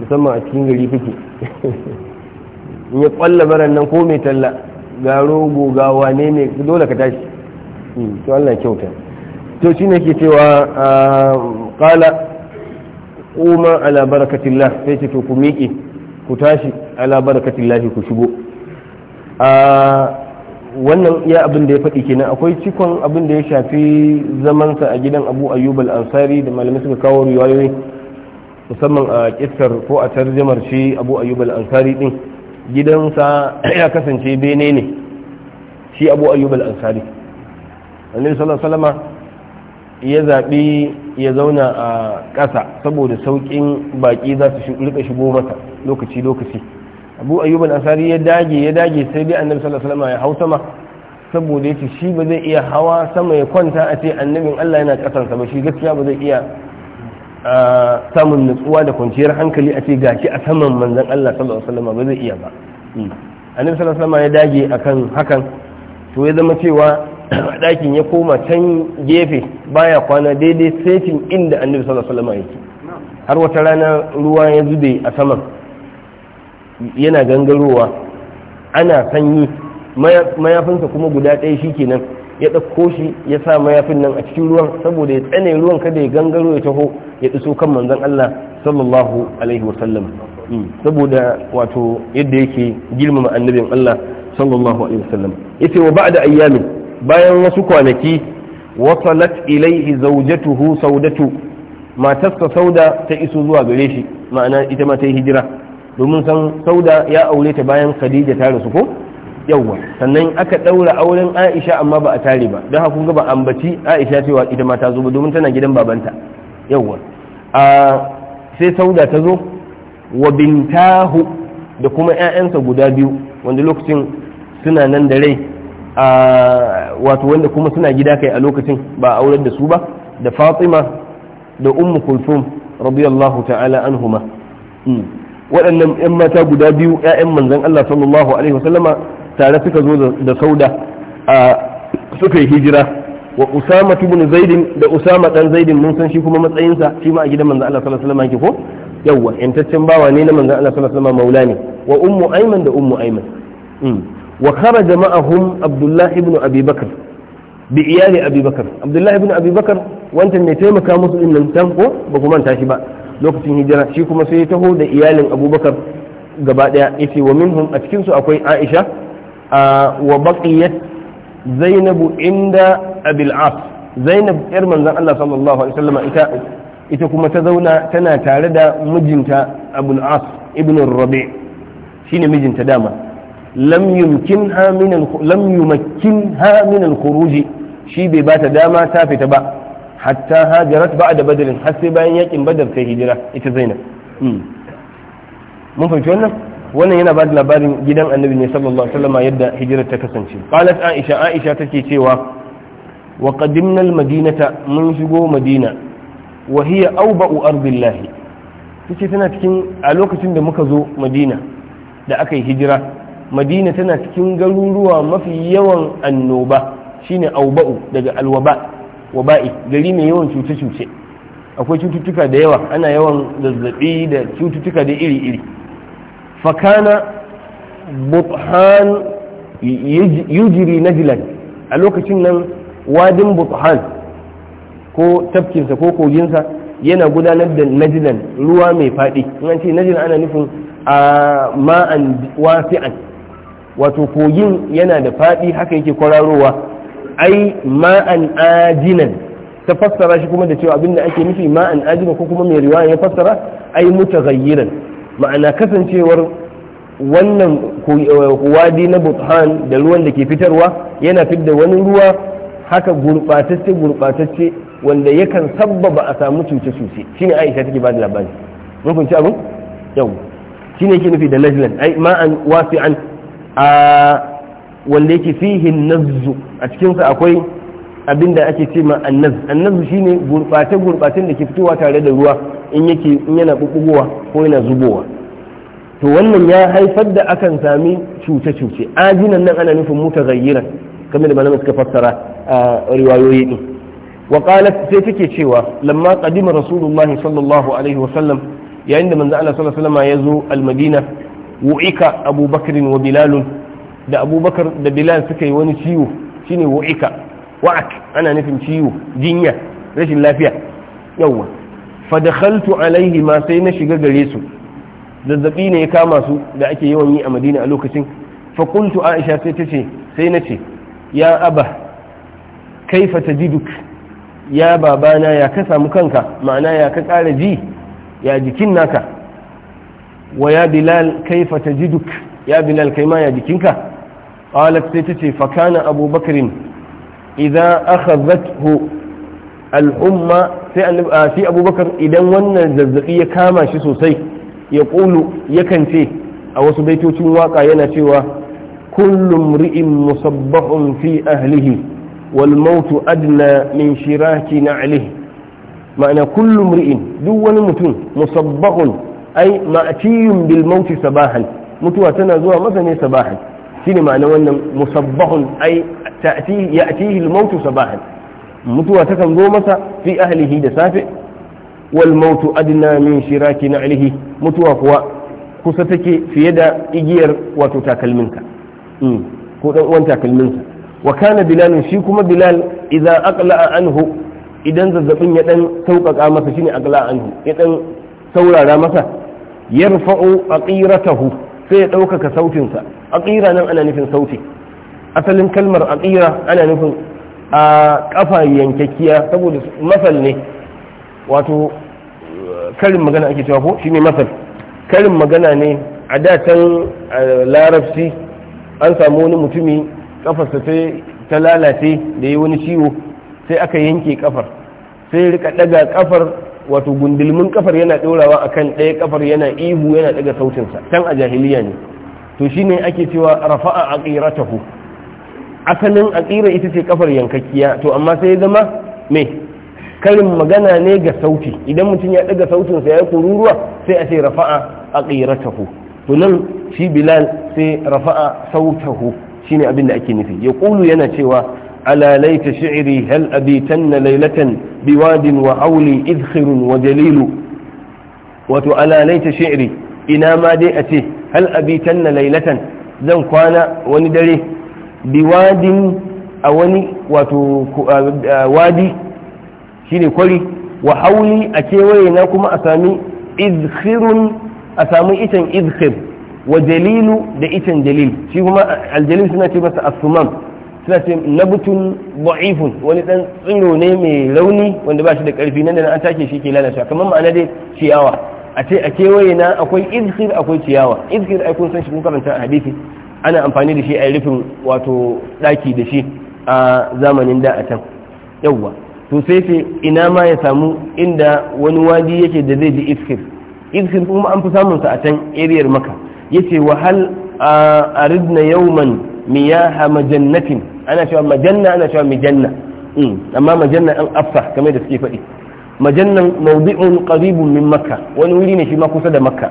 musamman a cikin gari kake in ya kwalla baran nan ko mai talla ga rogo ga wane ne dole ka tashi hmm, to Allah kyauta to shi ne ke cewa kala ah, kuma ala barakatillah sai ce to ku miƙe ku tashi ala barakatillah ku shigo a ah, wannan ya abin da ya faɗi kenan akwai cikon abin da ya shafi zamansa a gidan abu ayyub al-ansari da malamai suka kawo riwayoyi musamman a kissar ko a tarjamar shi abu ayyub al-ansari din gidansa ya kasance bene ne shi abu ayyub al-ansari annabi sallallahu alaihi ya zabi ya zauna a ƙasa saboda saukin baƙi za su rika shigo masa lokaci lokaci abu ayyub al-ansari ya dage ya dage sai dai annabi sallallahu alaihi wasallam ya hau sama saboda yace shi ba zai iya hawa sama ya kwanta a ce annabin Allah yana kasan sa ba shi gaskiya ba zai iya samun nutsuwa da kwanciyar hankali a ce gashi a saman manzon Allah sallallahu alaihi wasallam ba zai iya ba hmm. annabi sallallahu alaihi ya dage akan hakan to ya zama cewa dakin ya koma can gefe baya kwana daidai setin inda annabi sallallahu alaihi wasallam yake har wata rana ruwa ya zube a saman yana gangarowa ana sanyi mayafinsa kuma guda ɗaya shi kenan ya ɗauko shi ya sa mayafin nan a cikin ruwan saboda ya tsane ruwan kada ya gangaro ya taho ya iso kan manzon Allah sallallahu alaihi wasallam hmm. saboda wato yadda yake girmama annabin Allah sallallahu alaihi wasallam yace wa ba'da ayyamin bayan wasu kwanaki wasalat ilaihi zawjatuhu saudatu matarsa sauda ta iso zuwa gare shi ma'ana ita ma ta yi hijira domin san sauda ya aure ta bayan khadija ta rasu ko yawwa sannan aka daura auren aisha amma ba a tare ba don haka ba ambaci aisha cewa ita ma ta zo domin tana gidan babanta yawwa a sai sauda ta zo wa bintahu da kuma ƴaƴansa guda biyu wanda lokacin suna nan da rai a wato wanda kuma suna gida kai a lokacin ba a aurar da su ba da fatima da ummu kulthum radiyallahu ta'ala anhuma hmm. waɗannan 'yan mata guda biyu 'ya'yan manzan Allah sallallahu alaihi wasallama tare suka zo da sauda a suka yi hijira wa usama ibn zaidin da usama dan zaidin mun san shi kuma matsayinsa shi ma a gidan manzan Allah sallallahu alaihi wasallama yake ko yawwa yantaccen bawa ne na manzon Allah sallallahu alaihi wasallama maula ne wa ummu ayman da ummu ayman mm. wa kharaja ma'ahum abdullahi ibn abi bakr bi iyali abi bakr abdullahi ibn abi bakr wancan ne taimaka musu din nan ko ba kuma manta shi ba lokacin hijira shi kuma sai ya taho da iyalin abubakar gaba daya yace wa minhum a cikin su akwai aisha wa baqiyat zainabu inda abil as zainab yar manzon Allah sallallahu alaihi wasallam ita ita kuma ta zauna tana tare da mijinta abul as ibn rabi shine mijinta dama lam ha min lam min shi bai bata dama ta fita ba hatta ba'a da badarin har sai bayan yakin badar sai hijira ita zainab hmm. mun fahimci wannan wannan yana ba da labarin gidan annabi ne sallallahu alaihi wasallam yadda hijirar ta kasance qalat aisha aisha take cewa wa qadimna almadinata mun shigo madina wa hiya awba'u ardillah tace tana cikin a lokacin da muka zo madina da aka yi hijira madina tana cikin garuruwa mafi yawan annoba shine awba'u daga alwaba waba'i gari mai yawan cuce-cuce akwai cututtuka da yawa ana yawan zazzabi da cututtuka da iri-iri fakana buthan yujiri najlan a lokacin nan wadin buthan ko tafkinsa ko koginsa yana gudanar da najlan ruwa mai faɗi in ce najlan ana nufin a ma'an wasi'an wato kogin yana da faɗi haka yake kwararowa ai ma'an ajinan ta fassara shi kuma da cewa abinda ake nufi ma'an ajinan ko kuma mai riwaya ya fassara ai mutaghayyiran ma'ana kasancewar wannan eh, wadi na buthan da ruwan da ke fitarwa yana fidda wani ruwa haka gurbatacce gurbatacce wanda yakan sabbaba a samu cuce-cuce shine aisha take ba da labari mun kunci abin yau shine yake nufi da najlan ai ma'an wasi'an a wanda yake fihi nazzu a cikinsa akwai abin da ake ce ma annaz annaz shine gurɓace gurɓacen da ke fitowa tare da ruwa in yake in yana bubbugowa ko yana zubowa to wannan ya haifar da akan sami cuce cuce ajinan nan ana nufin mutaghayyiran kamar da malamin suka fassara a riwayoyi din wa qalat sai take cewa lamma qadima rasulullahi sallallahu alaihi wa sallam yayin da manzo Allah sallallahu alaihi wa sallam ya zo al-madina wu'ika abubakar wa bilalun da abubakar da bilal suka yi wani ciwo shine wa'ika wa'ak ana nufin ciwo jinya rashin lafiya yawwa fa dakhaltu alaihi ma sai na shiga gare su zazzabi ne ya kama su da ake yawan yi a madina a lokacin fa qultu aisha sai ta ce sai na ce ya aba kaifa tajiduk ya babana ya ka samu kanka ma'ana ya ka kara ji ya jikin naka wa ya bilal kaifa tajiduk ya bilal kai ma ya jikinka qalat sai tace fa kana Abu Bakr idza akhadhathu al-umma sai annabi sai idan wannan zazzabi ya kama shi sosai ya kulu yakan ce a wasu baitocin waka yana cewa kullum ri'in musabbahun fi ahlihi wal mautu adna min shiraki na'lihi ma'ana kullum ri'in duk wani mutum musabbahun ai ma'atiyun bil mauti sabahan mutuwa tana zuwa masa ne sabahan shine ma'ana wannan musabbahun ai ya'tihi al-maut sabahan mutuwa takan zo masa fi ahlihi da safe wal mautu adna min shiraki na'lihi mutuwa kuwa kusa take fiye da igiyar wato takalminka mm, ko dan uwan takalminsa wa kana bilal shi kuma bilal idza aqla anhu idan zazzabin ya dan sauƙaƙa masa shine aqla anhu ya dan saurara masa yarfa'u aqiratahu sai ya ɗaukaka sautinsa a aƙira nan ana nufin sauti asalin kalmar a aƙira ana nufin a ƙafa yankakkiya saboda masal ne wato karin magana ake cewa ko shi ne masal karin magana ne a datan larabci an samu wani mutumi ƙafarsa ta lalace da yi wani ciwo sai aka yanke ƙafar sai rika ɗaga ƙafar. wato gundulmin kafar yana ɗorawa akan ɗaya kafar yana ihu yana ɗaga sautinsa can a jahiliya ne to shine ake cewa rafa'a aqiratahu asalin aqira ita ce kafar yankakkiya to amma sai ya zama me karin magana ne ga sauti idan mutum ya ɗaga sautinsa ya yi kururuwa sai a ce rafa'a aqiratahu to nan shi bilal sai rafa'a sautahu shine abin da ake nufi ya kulu yana cewa ألا ليت شعري هل أبيتن ليلة بواد وعولي إذخر وجليل واتو ألا ليت شعري إنا ما دئته هل أبيتن ليلة ذن قوانا وندري بواد أوني واتو آه، آه، وادي شيني قولي وحولي أكيوي ناكم أسامي إذخر أسامي إتن إذخر وجليل دئتن جليل شيهما الجليل سنتي بس الثمام suna ce butun ba'ifun wani dan tsiro ne mai rauni wanda ba shi da karfi nan da an take shi ke lalata kamar ma'ana dai ciyawa a ce a kewaye na akwai izkir akwai ciyawa izkir ai kun san shi kun karanta a hadisi ana amfani da shi a rufin wato daki da shi a zamanin da a can yawwa to sai ce ina ma ya samu inda wani wadi yake da zai ji iskir izhir kuma an fi samun sa a can eriyar maka yace wa wahal aridna yawman miyaha majannatin ana cewa majanna ana cewa mijanna mm. amma majanna an afsa kamar da suke faɗi majannan mawdi'un qaribun min makka wani wuri ne shi ma kusa da makka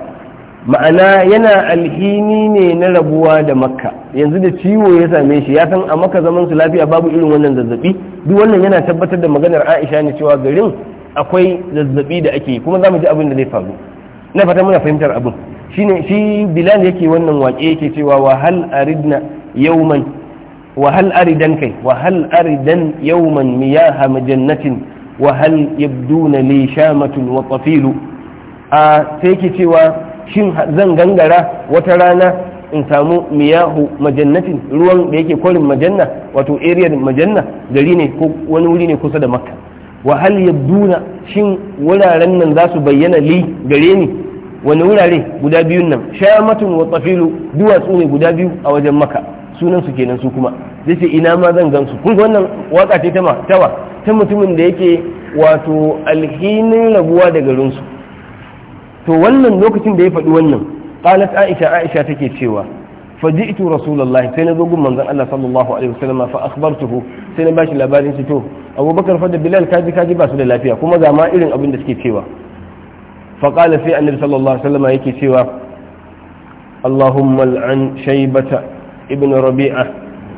ma'ana yana alhini ne na rabuwa da makka yanzu da ciwo ya same shi ya san a maka zaman su lafiya babu irin wannan zazzabi duk wannan yana tabbatar da maganar aisha ne cewa garin akwai zazzabi da ake kuma za mu ji abin da zai faru na fata muna fahimtar abin shine shi bilal yake wannan wake yake cewa wa hal aridna yawman kai, وهل أردن كي وهل أردن يوما مياه مجنة وهل wa لي A sai ki cewa shin zan gangara wata rana in samu miyahu majannatin ruwan da yake kwarin majanna wato area majanna gari ne ko wani wuri ne kusa da makka wa hal yabduna shin wuraren nan za su bayyana li gare ni wani wurare guda biyun nan shamatun wa tafilu duwatsu ne guda biyu a wajen makka sunan su kenan su kuma zai ce ina ma zan gansu kun wannan waka ce tama tawa ta mutumin da yake wato alhinin rabuwa da garin su to wannan lokacin da ya faɗi wannan qalat aisha aisha take cewa faji'tu rasulullahi sai na zo gun manzon Allah sallallahu alaihi wasallam fa akhbartuhu sai na bashi labarin shi to abubakar fa da bilal kaji kaji ba su da lafiya kuma ga ma irin abin da suke cewa fa qala sai annabi sallallahu alaihi wasallam yake cewa اللهم العن شيبة ابن ربيعة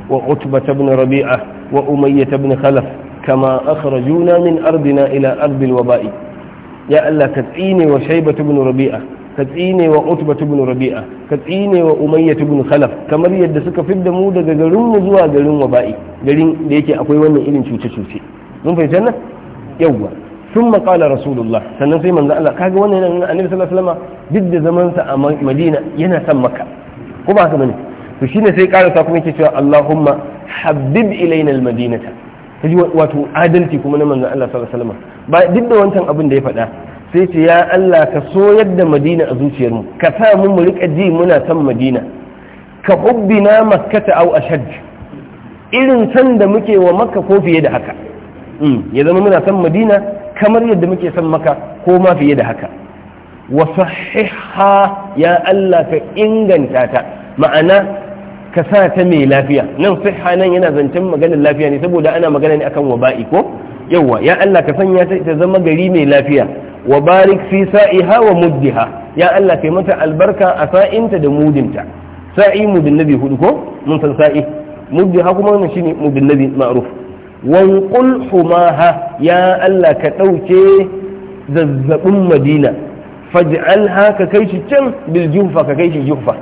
وعتبة بن ربيعة وأمية بن خلف كما أخرجونا من أرضنا إلى أرض الوباء يا الله كتعيني وشيبة بن ربيعة كتعيني وعتبة بن ربيعة كتعيني وأمية بن خلف كما يدسك في الدمو daga garin mu zuwa garin waba'i garin da yake akwai wannan irin cuce-cuce mun fahimta nan yawwa sun maƙala rasulullah sannan sai manzo Allah kaga wannan annabi sallallahu alaihi wasallam duk da zamansa a madina yana san maka ba to shine sai karasa kuma yake cewa Allahumma habib ilaina almadinata kaji wato adalci kuma na manzon Allah sallallahu alaihi wasallam ba duk da wancan abin da ya faɗa sai ce ya Allah ka so yadda Madina a zuciyarmu ka sa mu mu rika ji muna san Madina ka hubbina makkata aw ashad irin san da muke wa makka ko fiye da haka mm, ya zama muna san Madina kamar yadda muke san maka ko ma fiye da haka wa sahihha ya Allah ka inganta ta ma'ana ka sa ta mai lafiya nan sihha nan yana zancen maganar lafiya ne saboda ana magana ne akan waba'i ko yawwa ya Allah ka sanya ta ita zama gari mai lafiya wa barik fi sa'iha wa muddiha ya Allah kai mata albarka a sa'inta da mudinta sa'i mudin nabi hudu ko mun san sa'i muddiha kuma wannan shine mudin nabi ma'ruf wanqul humaha ya Allah ka dauke zazzabin madina faj'alha ka kai shi can bil juhfa ka kai shi juhfa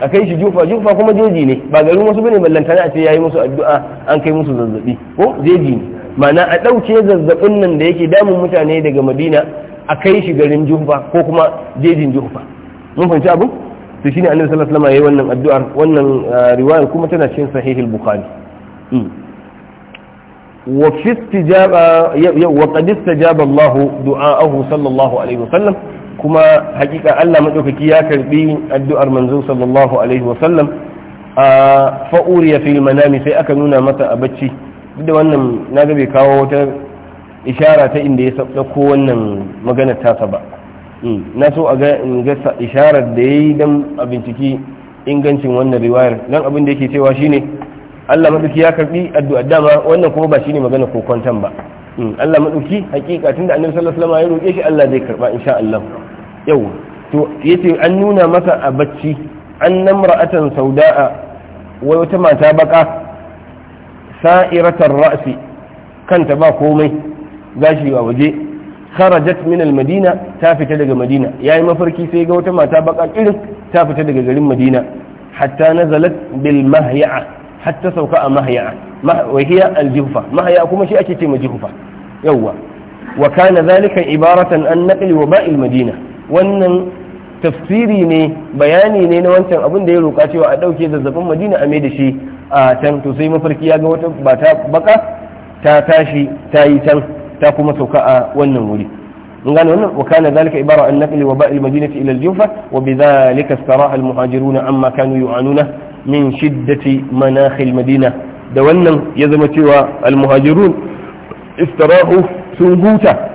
a kai shi jufa jufa kuma jeji ne ba garin wasu bane ballantana a ce yayi musu addu'a an kai musu zazzabi ko jeji ne ma'ana a ɗauke zazzabin nan da yake damun mutane daga madina a kai shi garin jufa ko kuma jejin jufa mun fahimci abu to shine annabi sallallahu alaihi wasallam yayi wannan addu'ar wannan ah, riwayar kuma tana cikin sahih al-bukhari hmm. wa fi istijaba wa qad istajaba Allah du'aahu sallallahu alaihi wasallam kuma hakika Allah madaukaki ya karbi addu'ar manzo sallallahu alaihi wa sallam a fa'uriya fil manami sai aka nuna mata a bacci duk da wannan na ga bai kawo wata ishara ta inda ya ko wannan maganar tasa ba hmm, na so a ga in ga isharar da yayi dan a binciki ingancin wannan riwayar dan abin da yake cewa shine Allah madaukaki ya karbi addu'a dama wannan kuma ba shine magana ko kwantan ba hmm, Allah madauki hakika tunda annabi sallallahu alaihi wasallam ya roke shi Allah zai karba insha Allah yau to yace an nuna masa a bacci an ra'atan sauda'a wai wata mata baka sa'iratar ra'si kanta ba komai gashi ba waje kharajat min al-madina ta fita daga madina yayi mafarki sai ga wata mata baka irin ta fita daga garin madina hatta nazalat bil mahya'a hatta sauka a mahya'a wa hiya al mahya'a kuma shi ake ce ma juhfa yawwa wa kana zalika ibaratan an naqli wa ba'il madina wannan tafsiri ne bayani ne na wancan abin da ya roka cewa a ɗauke zazzafin madina a mai da shi a can to mafarki ya ga wata ba ta baka ta tashi ta yi can ta kuma sauka a wannan wuri in gane wannan wa kana zalika ibara an naqli wa ba'il madinati ila al-jufa wa bidhalika istara al-muhajiruna amma kanu yu'anuna min shiddati manakh al-madina da wannan ya zama cewa al-muhajirun istarahu sun huta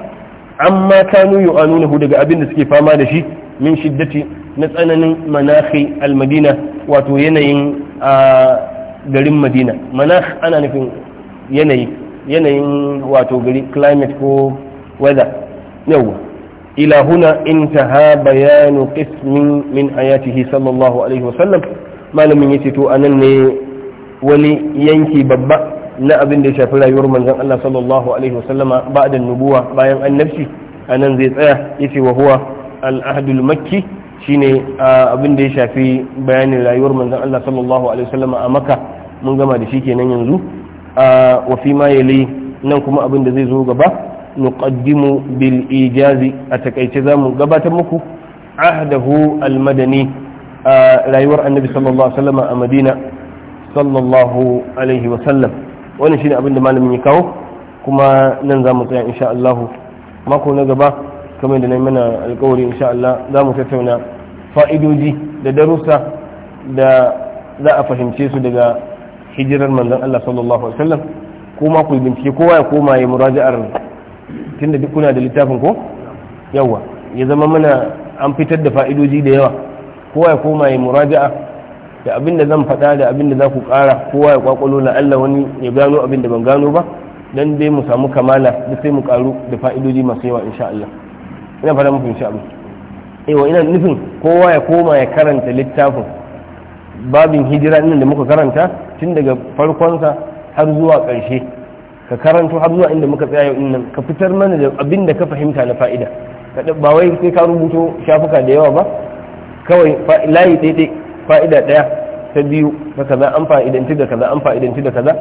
amma kanu yu'anunahu daga abin da suke fama da shi min shiddati na tsananin manahi al-madina wato yanayin a garin madina manakh ana nufin yanayi yanayin wato gari climate ko weather yawa ila huna intaha bayanu qismin min ayatihi sallallahu alaihi wasallam malamin yace to anan ne wani yanki babba na abin da ya shafi rayuwar manzon Allah sallallahu alaihi wasallama da nubuwa bayan annabci anan zai tsaya yace wa huwa al-ahdul makki shine abin da ya shafi bayanin rayuwar manzon Allah sallallahu alaihi wasallama a Makka mun gama da shi kenan yanzu wa fi ma yali nan kuma abin da zai zo gaba nuqaddimu bil ijazi a takaice zamu gabatar muku ahdahu al-madani rayuwar annabi sallallahu alaihi wasallama a Madina sallallahu alaihi wasallam wani shi ne abin da malamin ya kawo kuma nan za mu tsaya insha Allah mako na gaba kamar da na mana alkawari insha Allah za mu tattauna fa'idoji da darussa da za a fahimce su daga hijirar manzon Allah sallallahu alaihi wasallam kuma ku bincike kowa ya koma ya muraja'ar tunda duk kuna da littafin ko yawa ya zama mana an fitar da fa'idoji da yawa kowa ya koma ya muraja'a da abin da zan faɗa da abin da za ku ƙara kowa ya kwakwalo na Allah wani ya gano abin da ban gano ba dan dai mu samu kamala da sai mu karu da fa'idodi masu yawa insha Allah ina fara muku insha Allah ewa ina nufin kowa ya koma ya karanta littafin babin hijira ɗin da muka karanta tun daga farkonsa har zuwa ƙarshe ka karanto har zuwa inda muka tsaya yau nan ka fitar mana da abin da ka fahimta na fa'ida ba wai sai ka rubuto shafuka da yawa ba kawai layi ɗaiɗai fa'ida ɗaya ta biyu ta kaza an fa'idanci da kaza an fa'idanci da kaza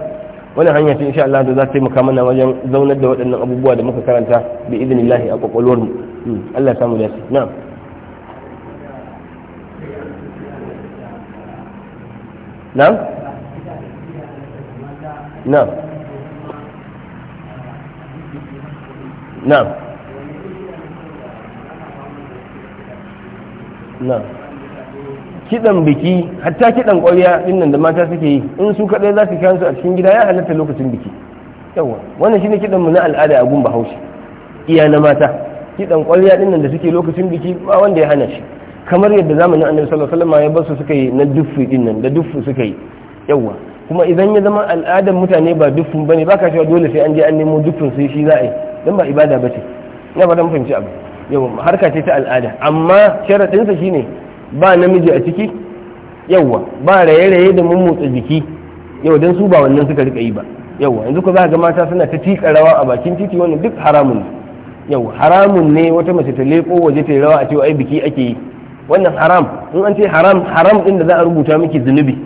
wani hanya ce insha Allah da za ta taimaka mana wajen zaunar da waɗannan abubuwa da muka karanta bi idinillahi a kwakwalwar mu hmm, Allah ya samu dace na'am na'am na'am na'am na'am kidan biki hatta kidan ƙwarya dinnan da mata suke yi in su kadai za su kayan su a cikin gida ya halatta lokacin biki yawa wannan shine kidan mu na al'ada a gun bahaushe iya na mata kidan ƙwarya dinnan da suke lokacin biki ba wanda ya hana shi kamar yadda zamanin annabi sallallahu alaihi wasallam ya basu suka yi na duffu dinnan da duffu suka yi yawa kuma idan ya zama al'adar mutane ba duffun bane baka cewa dole sai an je an nemo duffun sai shi za a yi dan ba ibada bace ina ba dan fahimci abu yawa harka ce ta al'ada amma sharadin sa shine ba namiji a ciki yawwa ba raye-raye da mun motsa jiki yau don su ba wannan suka rika yi ba yawwa yanzu ko za ga mata suna ta tika rawa a bakin titi wani duk haramun ne yawwa haramun ne wata mace ta leko waje ta rawa a cewa ai biki ake yi wannan haram in an ce haram haram din da za a rubuta miki zunubi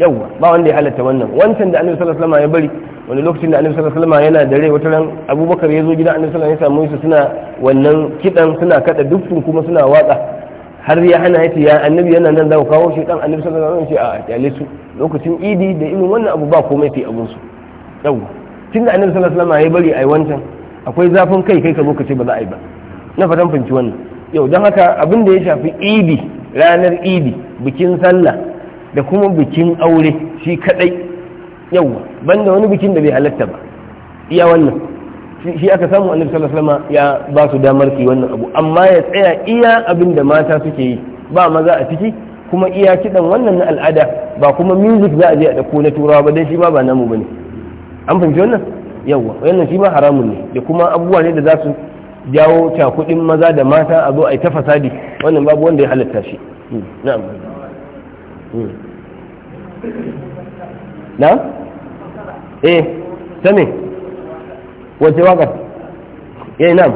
yawwa ba wanda ya halatta wannan wancan da annabi sallallahu alaihi wasallam ya bari wani lokacin da annabi sallallahu alaihi wasallam yana dare wata ran abubakar ya zo gidan annabi sallallahu alaihi wasallam ya samu su suna wannan kidan suna kada dukkan kuma suna watsa har ya hana ya ce ya annabi yana nan da kawo shi dan annabi sallallahu alaihi ce a kyale su lokacin idi da irin wannan abu ba komai fi abun su yawa tunda annabi sallallahu alaihi wasallam ya bari ai wancan akwai zafin kai kai ka zo ka ce ba za a yi ba na fatan finci wannan yau don haka abin da ya shafi idi ranar idi bikin sallah da kuma bikin aure shi kadai yawa banda wani bikin da bai halatta ba iya wannan shi aka samu annabi sallallahu alaihi wasallam ya ba su damar su wannan abu amma ya tsaya iya abin da mata suke yi ba maza a ciki kuma iya kidan wannan na al'ada ba kuma music za a je a dauko na turawa ba dan shi ba ba namu bane an fahimci wannan yawa wannan shi ba haramun ne da kuma abubuwa ne da za su jawo cakudin maza da mata a zo a yi ta fasadi wannan babu wanda ya halatta shi hmm, na'am hmm. na eh sami wace ya yi nan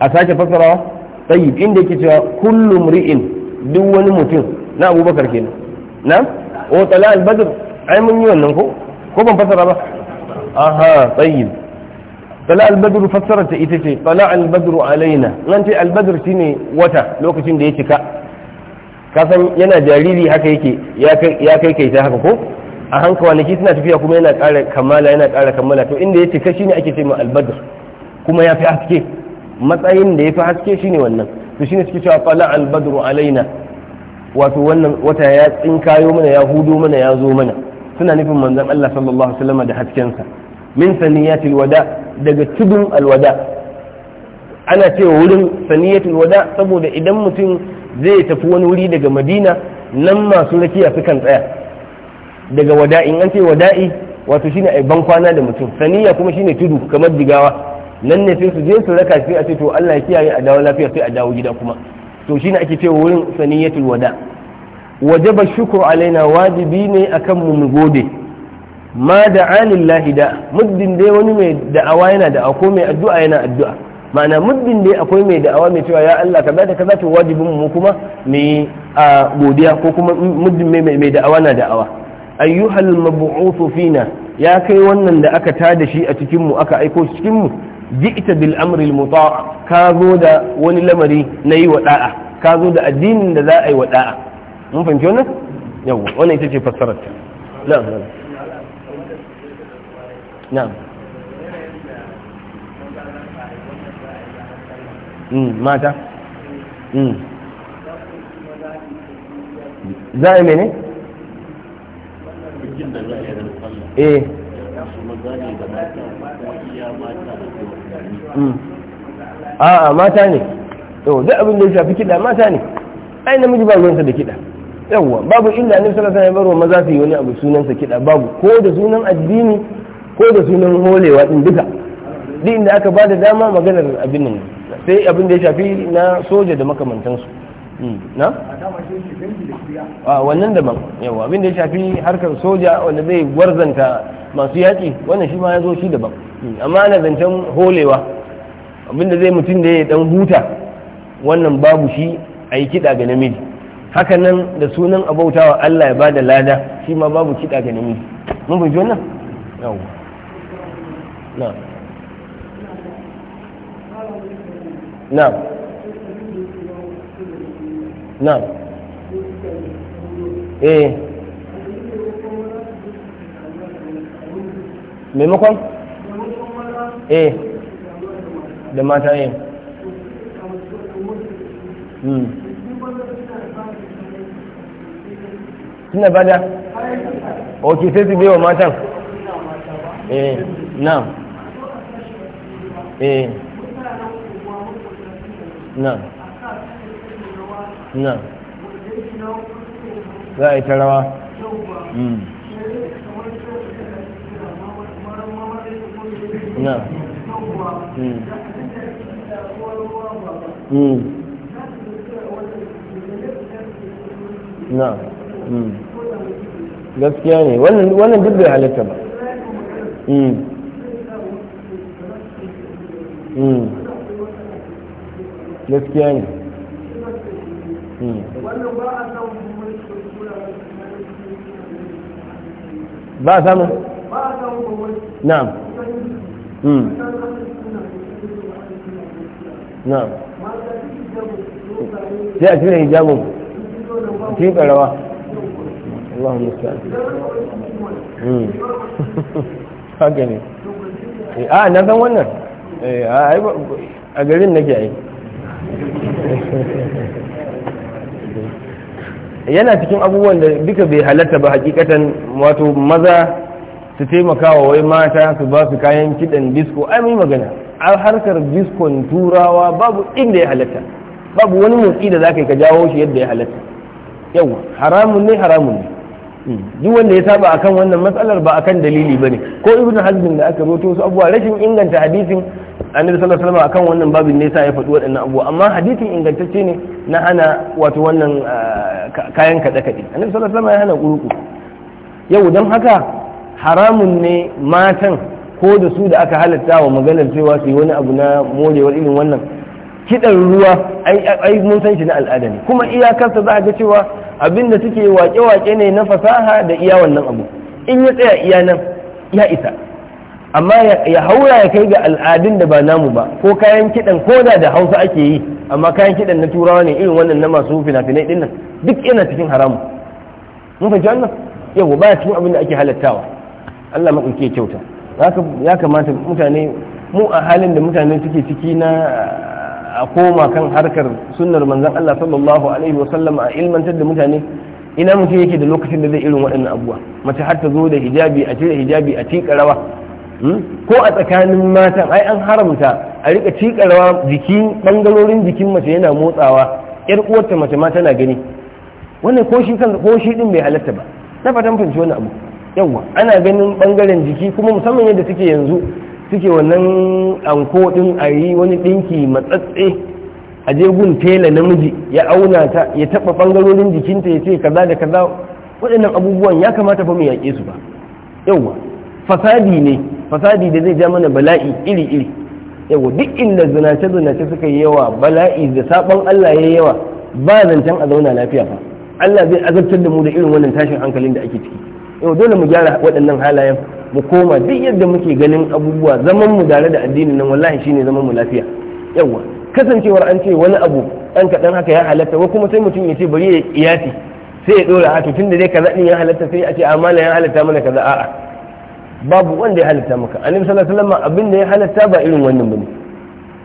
a sake fassarawa tsayi inda yake cewa kullum ri'in duk wani mutum na abubakar nan na otala albadar al ai mun yi wannan ko ko ban fassara ba aha tsayi tala albadar badr fassara ta ita ce tala albadar alaina nan ce albadar shi shine wata lokacin da ya cika kasan yana jariri haka yake ya kai kai ta haka ko a han kwanaki suna tafiya kuma yana ƙara kammala yana ƙara kammala to inda ya kashi ne ake ce ma kuma ya fi haske matsayin da ya fi haske shine wannan to shine suke cewa fala albadru alaina wato wannan wata ya tsinkayo mana ya hudo mana ya zo mana suna nufin manzon Allah sallallahu alaihi wasallam da haskensa min saniyatil wada daga tudun alwada ana cewa wurin saniyatul wada saboda idan mutum zai tafi wani wuri daga Madina nan masu rakiya sukan tsaya daga wada'in an ce wada'i wato shine ai ban kwana da mutum saniya kuma shine tudu kamar jigawa nan ne sai su je su raka sai a ce to Allah ya kiyaye a dawo lafiya sai a dawo gida kuma to shine ake cewa wurin saniyatul wada wajaba shukru alaina wajibi ne akan mu mu gode ma da alillahi da muddin dai wani mai da'awa yana da ko mai addu'a yana addu'a ma'ana muddin dai akwai mai da'awa mai cewa ya Allah ka da kaza to wajibin mu kuma mu a godiya ko kuma muddin mai mai da'awa na da'awa ayyuhal mab'uthu fina ya kai wannan da aka tada shi a cikin mu aka aiko shi cikin mu ji'ta bil amri al muta ka zo da wani lamari na yi wada'a ka zo da addinin da za a yi wada'a mun fahimci wannan yawa wannan ita ce fassarar ta na'am na'am hmm, mata hmm. za a yi mene Eh. Hmm. a'a mata ne to zai abin da ya shafi kiɗa mata ne ai namiji ba ruwansa da kiɗa yawwa babu illa ne sallallahu alaihi barwa maza su yi wani abu sunansa kiɗa babu ko da sunan addini ko da sunan holewa ɗin duka duk inda aka ba da dama maganar abin nan sai abin da ya shafi na soja da makamantansu Hmm. na? a wannan daban yawa abinda ya shafi harkar soja wanda zai gwarzanta masu yaƙi wannan shi ma ya zo shi daban hmm. amma ana zancen holewa abinda zai mutum da ya dan huta wannan babu shi a yi kiɗa ga namiji hakanan da sunan abautawa Allah ya bada lada shi ma babu kiɗa ga namiji mun fahimci wannan yawa na na na'am eh maimakon eh da mata yin eh. hmm. bada ok sai su bewa matan eh na eh na na za a yi ta rawa na hmm. na hmm. hmm. gaskiya ne wannan duk bai halitta ba gaskiya ne ba a samun ba a samun na'am hmm. na'am sai a cire hijabin cikin karawa Allahun musta hmm. haka ne eh, a na san wannan eh, a garin nake aiki yana cikin abubuwan da duka bai halatta ba hakikatan wato maza su taimaka wa wai mata su ba su kayan kiɗan disko ai mai magana a harkar diskon turawa babu inda ya halatta babu wani motsi da za ka ka jawo shi yadda ya halatta yawa haramun ne haramun ne duk wanda ya saba akan wannan matsalar ba akan dalili bane ko ibn hazmin da aka roto su abuwa rashin inganta hadisin annabi sallallahu alaihi wasallam akan wannan babin ne yasa ya faɗi waɗannan abubuwa amma hadisin ingantacce ne na hana wato wannan ah, kayan kaɗe kaɗe annabi sallallahu alaihi wasallam ya hana kuruku yau don haka haramun ne matan ko da su da aka halatta wa maganar cewa su yi wani abu na morewar irin wannan kidan ruwa ai mun san shi na al'ada ne kuma iyakarsa za a ga cewa abinda suke wake-wake ne na fasaha da iya wannan abu in ya tsaya iya nan ya isa amma ya haura ya kai ga al'adun da ba namu ba ko kayan kiɗan ko da da hausa ake yi amma kayan kiɗan na turawa ne irin wannan na masu fina-finai ɗin nan duk yana cikin haramu mun fahimci wannan yau ba cikin abin da ake halattawa Allah maɗauki kyauta ya kamata mutane mu a halin da mutane suke ciki na a koma kan harkar sunnar Manzan Allah sallallahu alaihi wa sallam a ilmantar da mutane ina mutum yake da lokacin da zai irin waɗannan abubuwa mace har ta zo da hijabi a cire hijabi a tika rawa hmm? ko a tsakanin matan ai an haramta a rika tika rawa jikin bangarorin jikin mace yana motsawa yar uwarta mace ma tana gani wannan ko shi kan ko shi din bai halatta ba na fatan fahimci wani abu yawa ana ganin bangaren jiki kuma musamman yadda suke yanzu suke wannan anko din a yi wani ɗinki matsatse a je gun tela namiji ya auna ta ya taɓa ɓangarorin jikinta ya ce kaza da kaza waɗannan abubuwan ya kamata fa mu yaƙe su ba yauwa fasadi ne fasadi da zai ja mana bala'i iri iri yauwa duk inda zinace zinace suka yi yawa bala'i da saban Allah ya yawa ba zancen a zauna lafiya fa Allah zai azabtar da mu da irin wannan tashin hankalin da ake ciki yau dole mu gyara waɗannan halayen mu koma duk yadda muke ganin abubuwa zaman mu dare da addinin nan wallahi shine zaman mu lafiya yawa kasancewar an ce wani abu dan kaɗan haka ya halatta ko kuma sai mutum ya ce bari ya iyati sai ya ɗora a tunda dai kaza din ya halatta sai a ce amana ya halatta mana kaza a'a babu wanda ya halatta maka annabi sallallahu alaihi wasallam abin da ya halatta ba irin wannan bane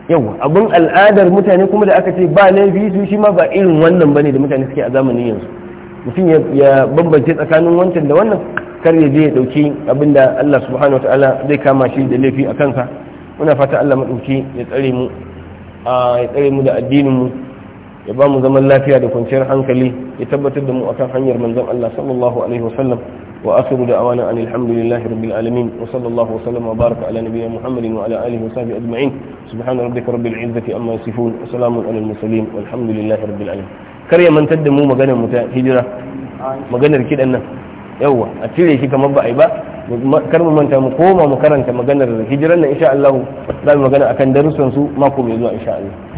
yawa abin al'adar mutane kuma da aka ce ba laifi su shi ma ba irin wannan bane da mutane suke a zamanin yanzu mutum ya bambance tsakanin wancan da wannan kar ya je ya dauki abinda Allah subhanahu wataala zai kama shi da laifi a kansa muna fata Allah madauki ya tsare mu a ya tsare mu da addinin mu ya ba mu zaman lafiya da kwanciyar hankali ya tabbatar da mu akan hanyar manzon Allah sallallahu alaihi wasallam wa asiru da awana an alhamdulillahi rabbil alamin wa sallallahu wa sallama wa baraka ala nabiyyina muhammadin wa ala alihi wa sahbihi ajma'in subhana rabbika rabbil izzati amma yasifun wa salamun alal mursalin walhamdulillahi rabbil alamin kar ya mantar da mu maganar mu ta hijira maganar kidan nan yawwa a cire shi kamar ba a yi ba kar mu manta mu koma mu karanta maganar hijiran na insha Allah za mu magana akan darussan su mako mai zuwa insha Allah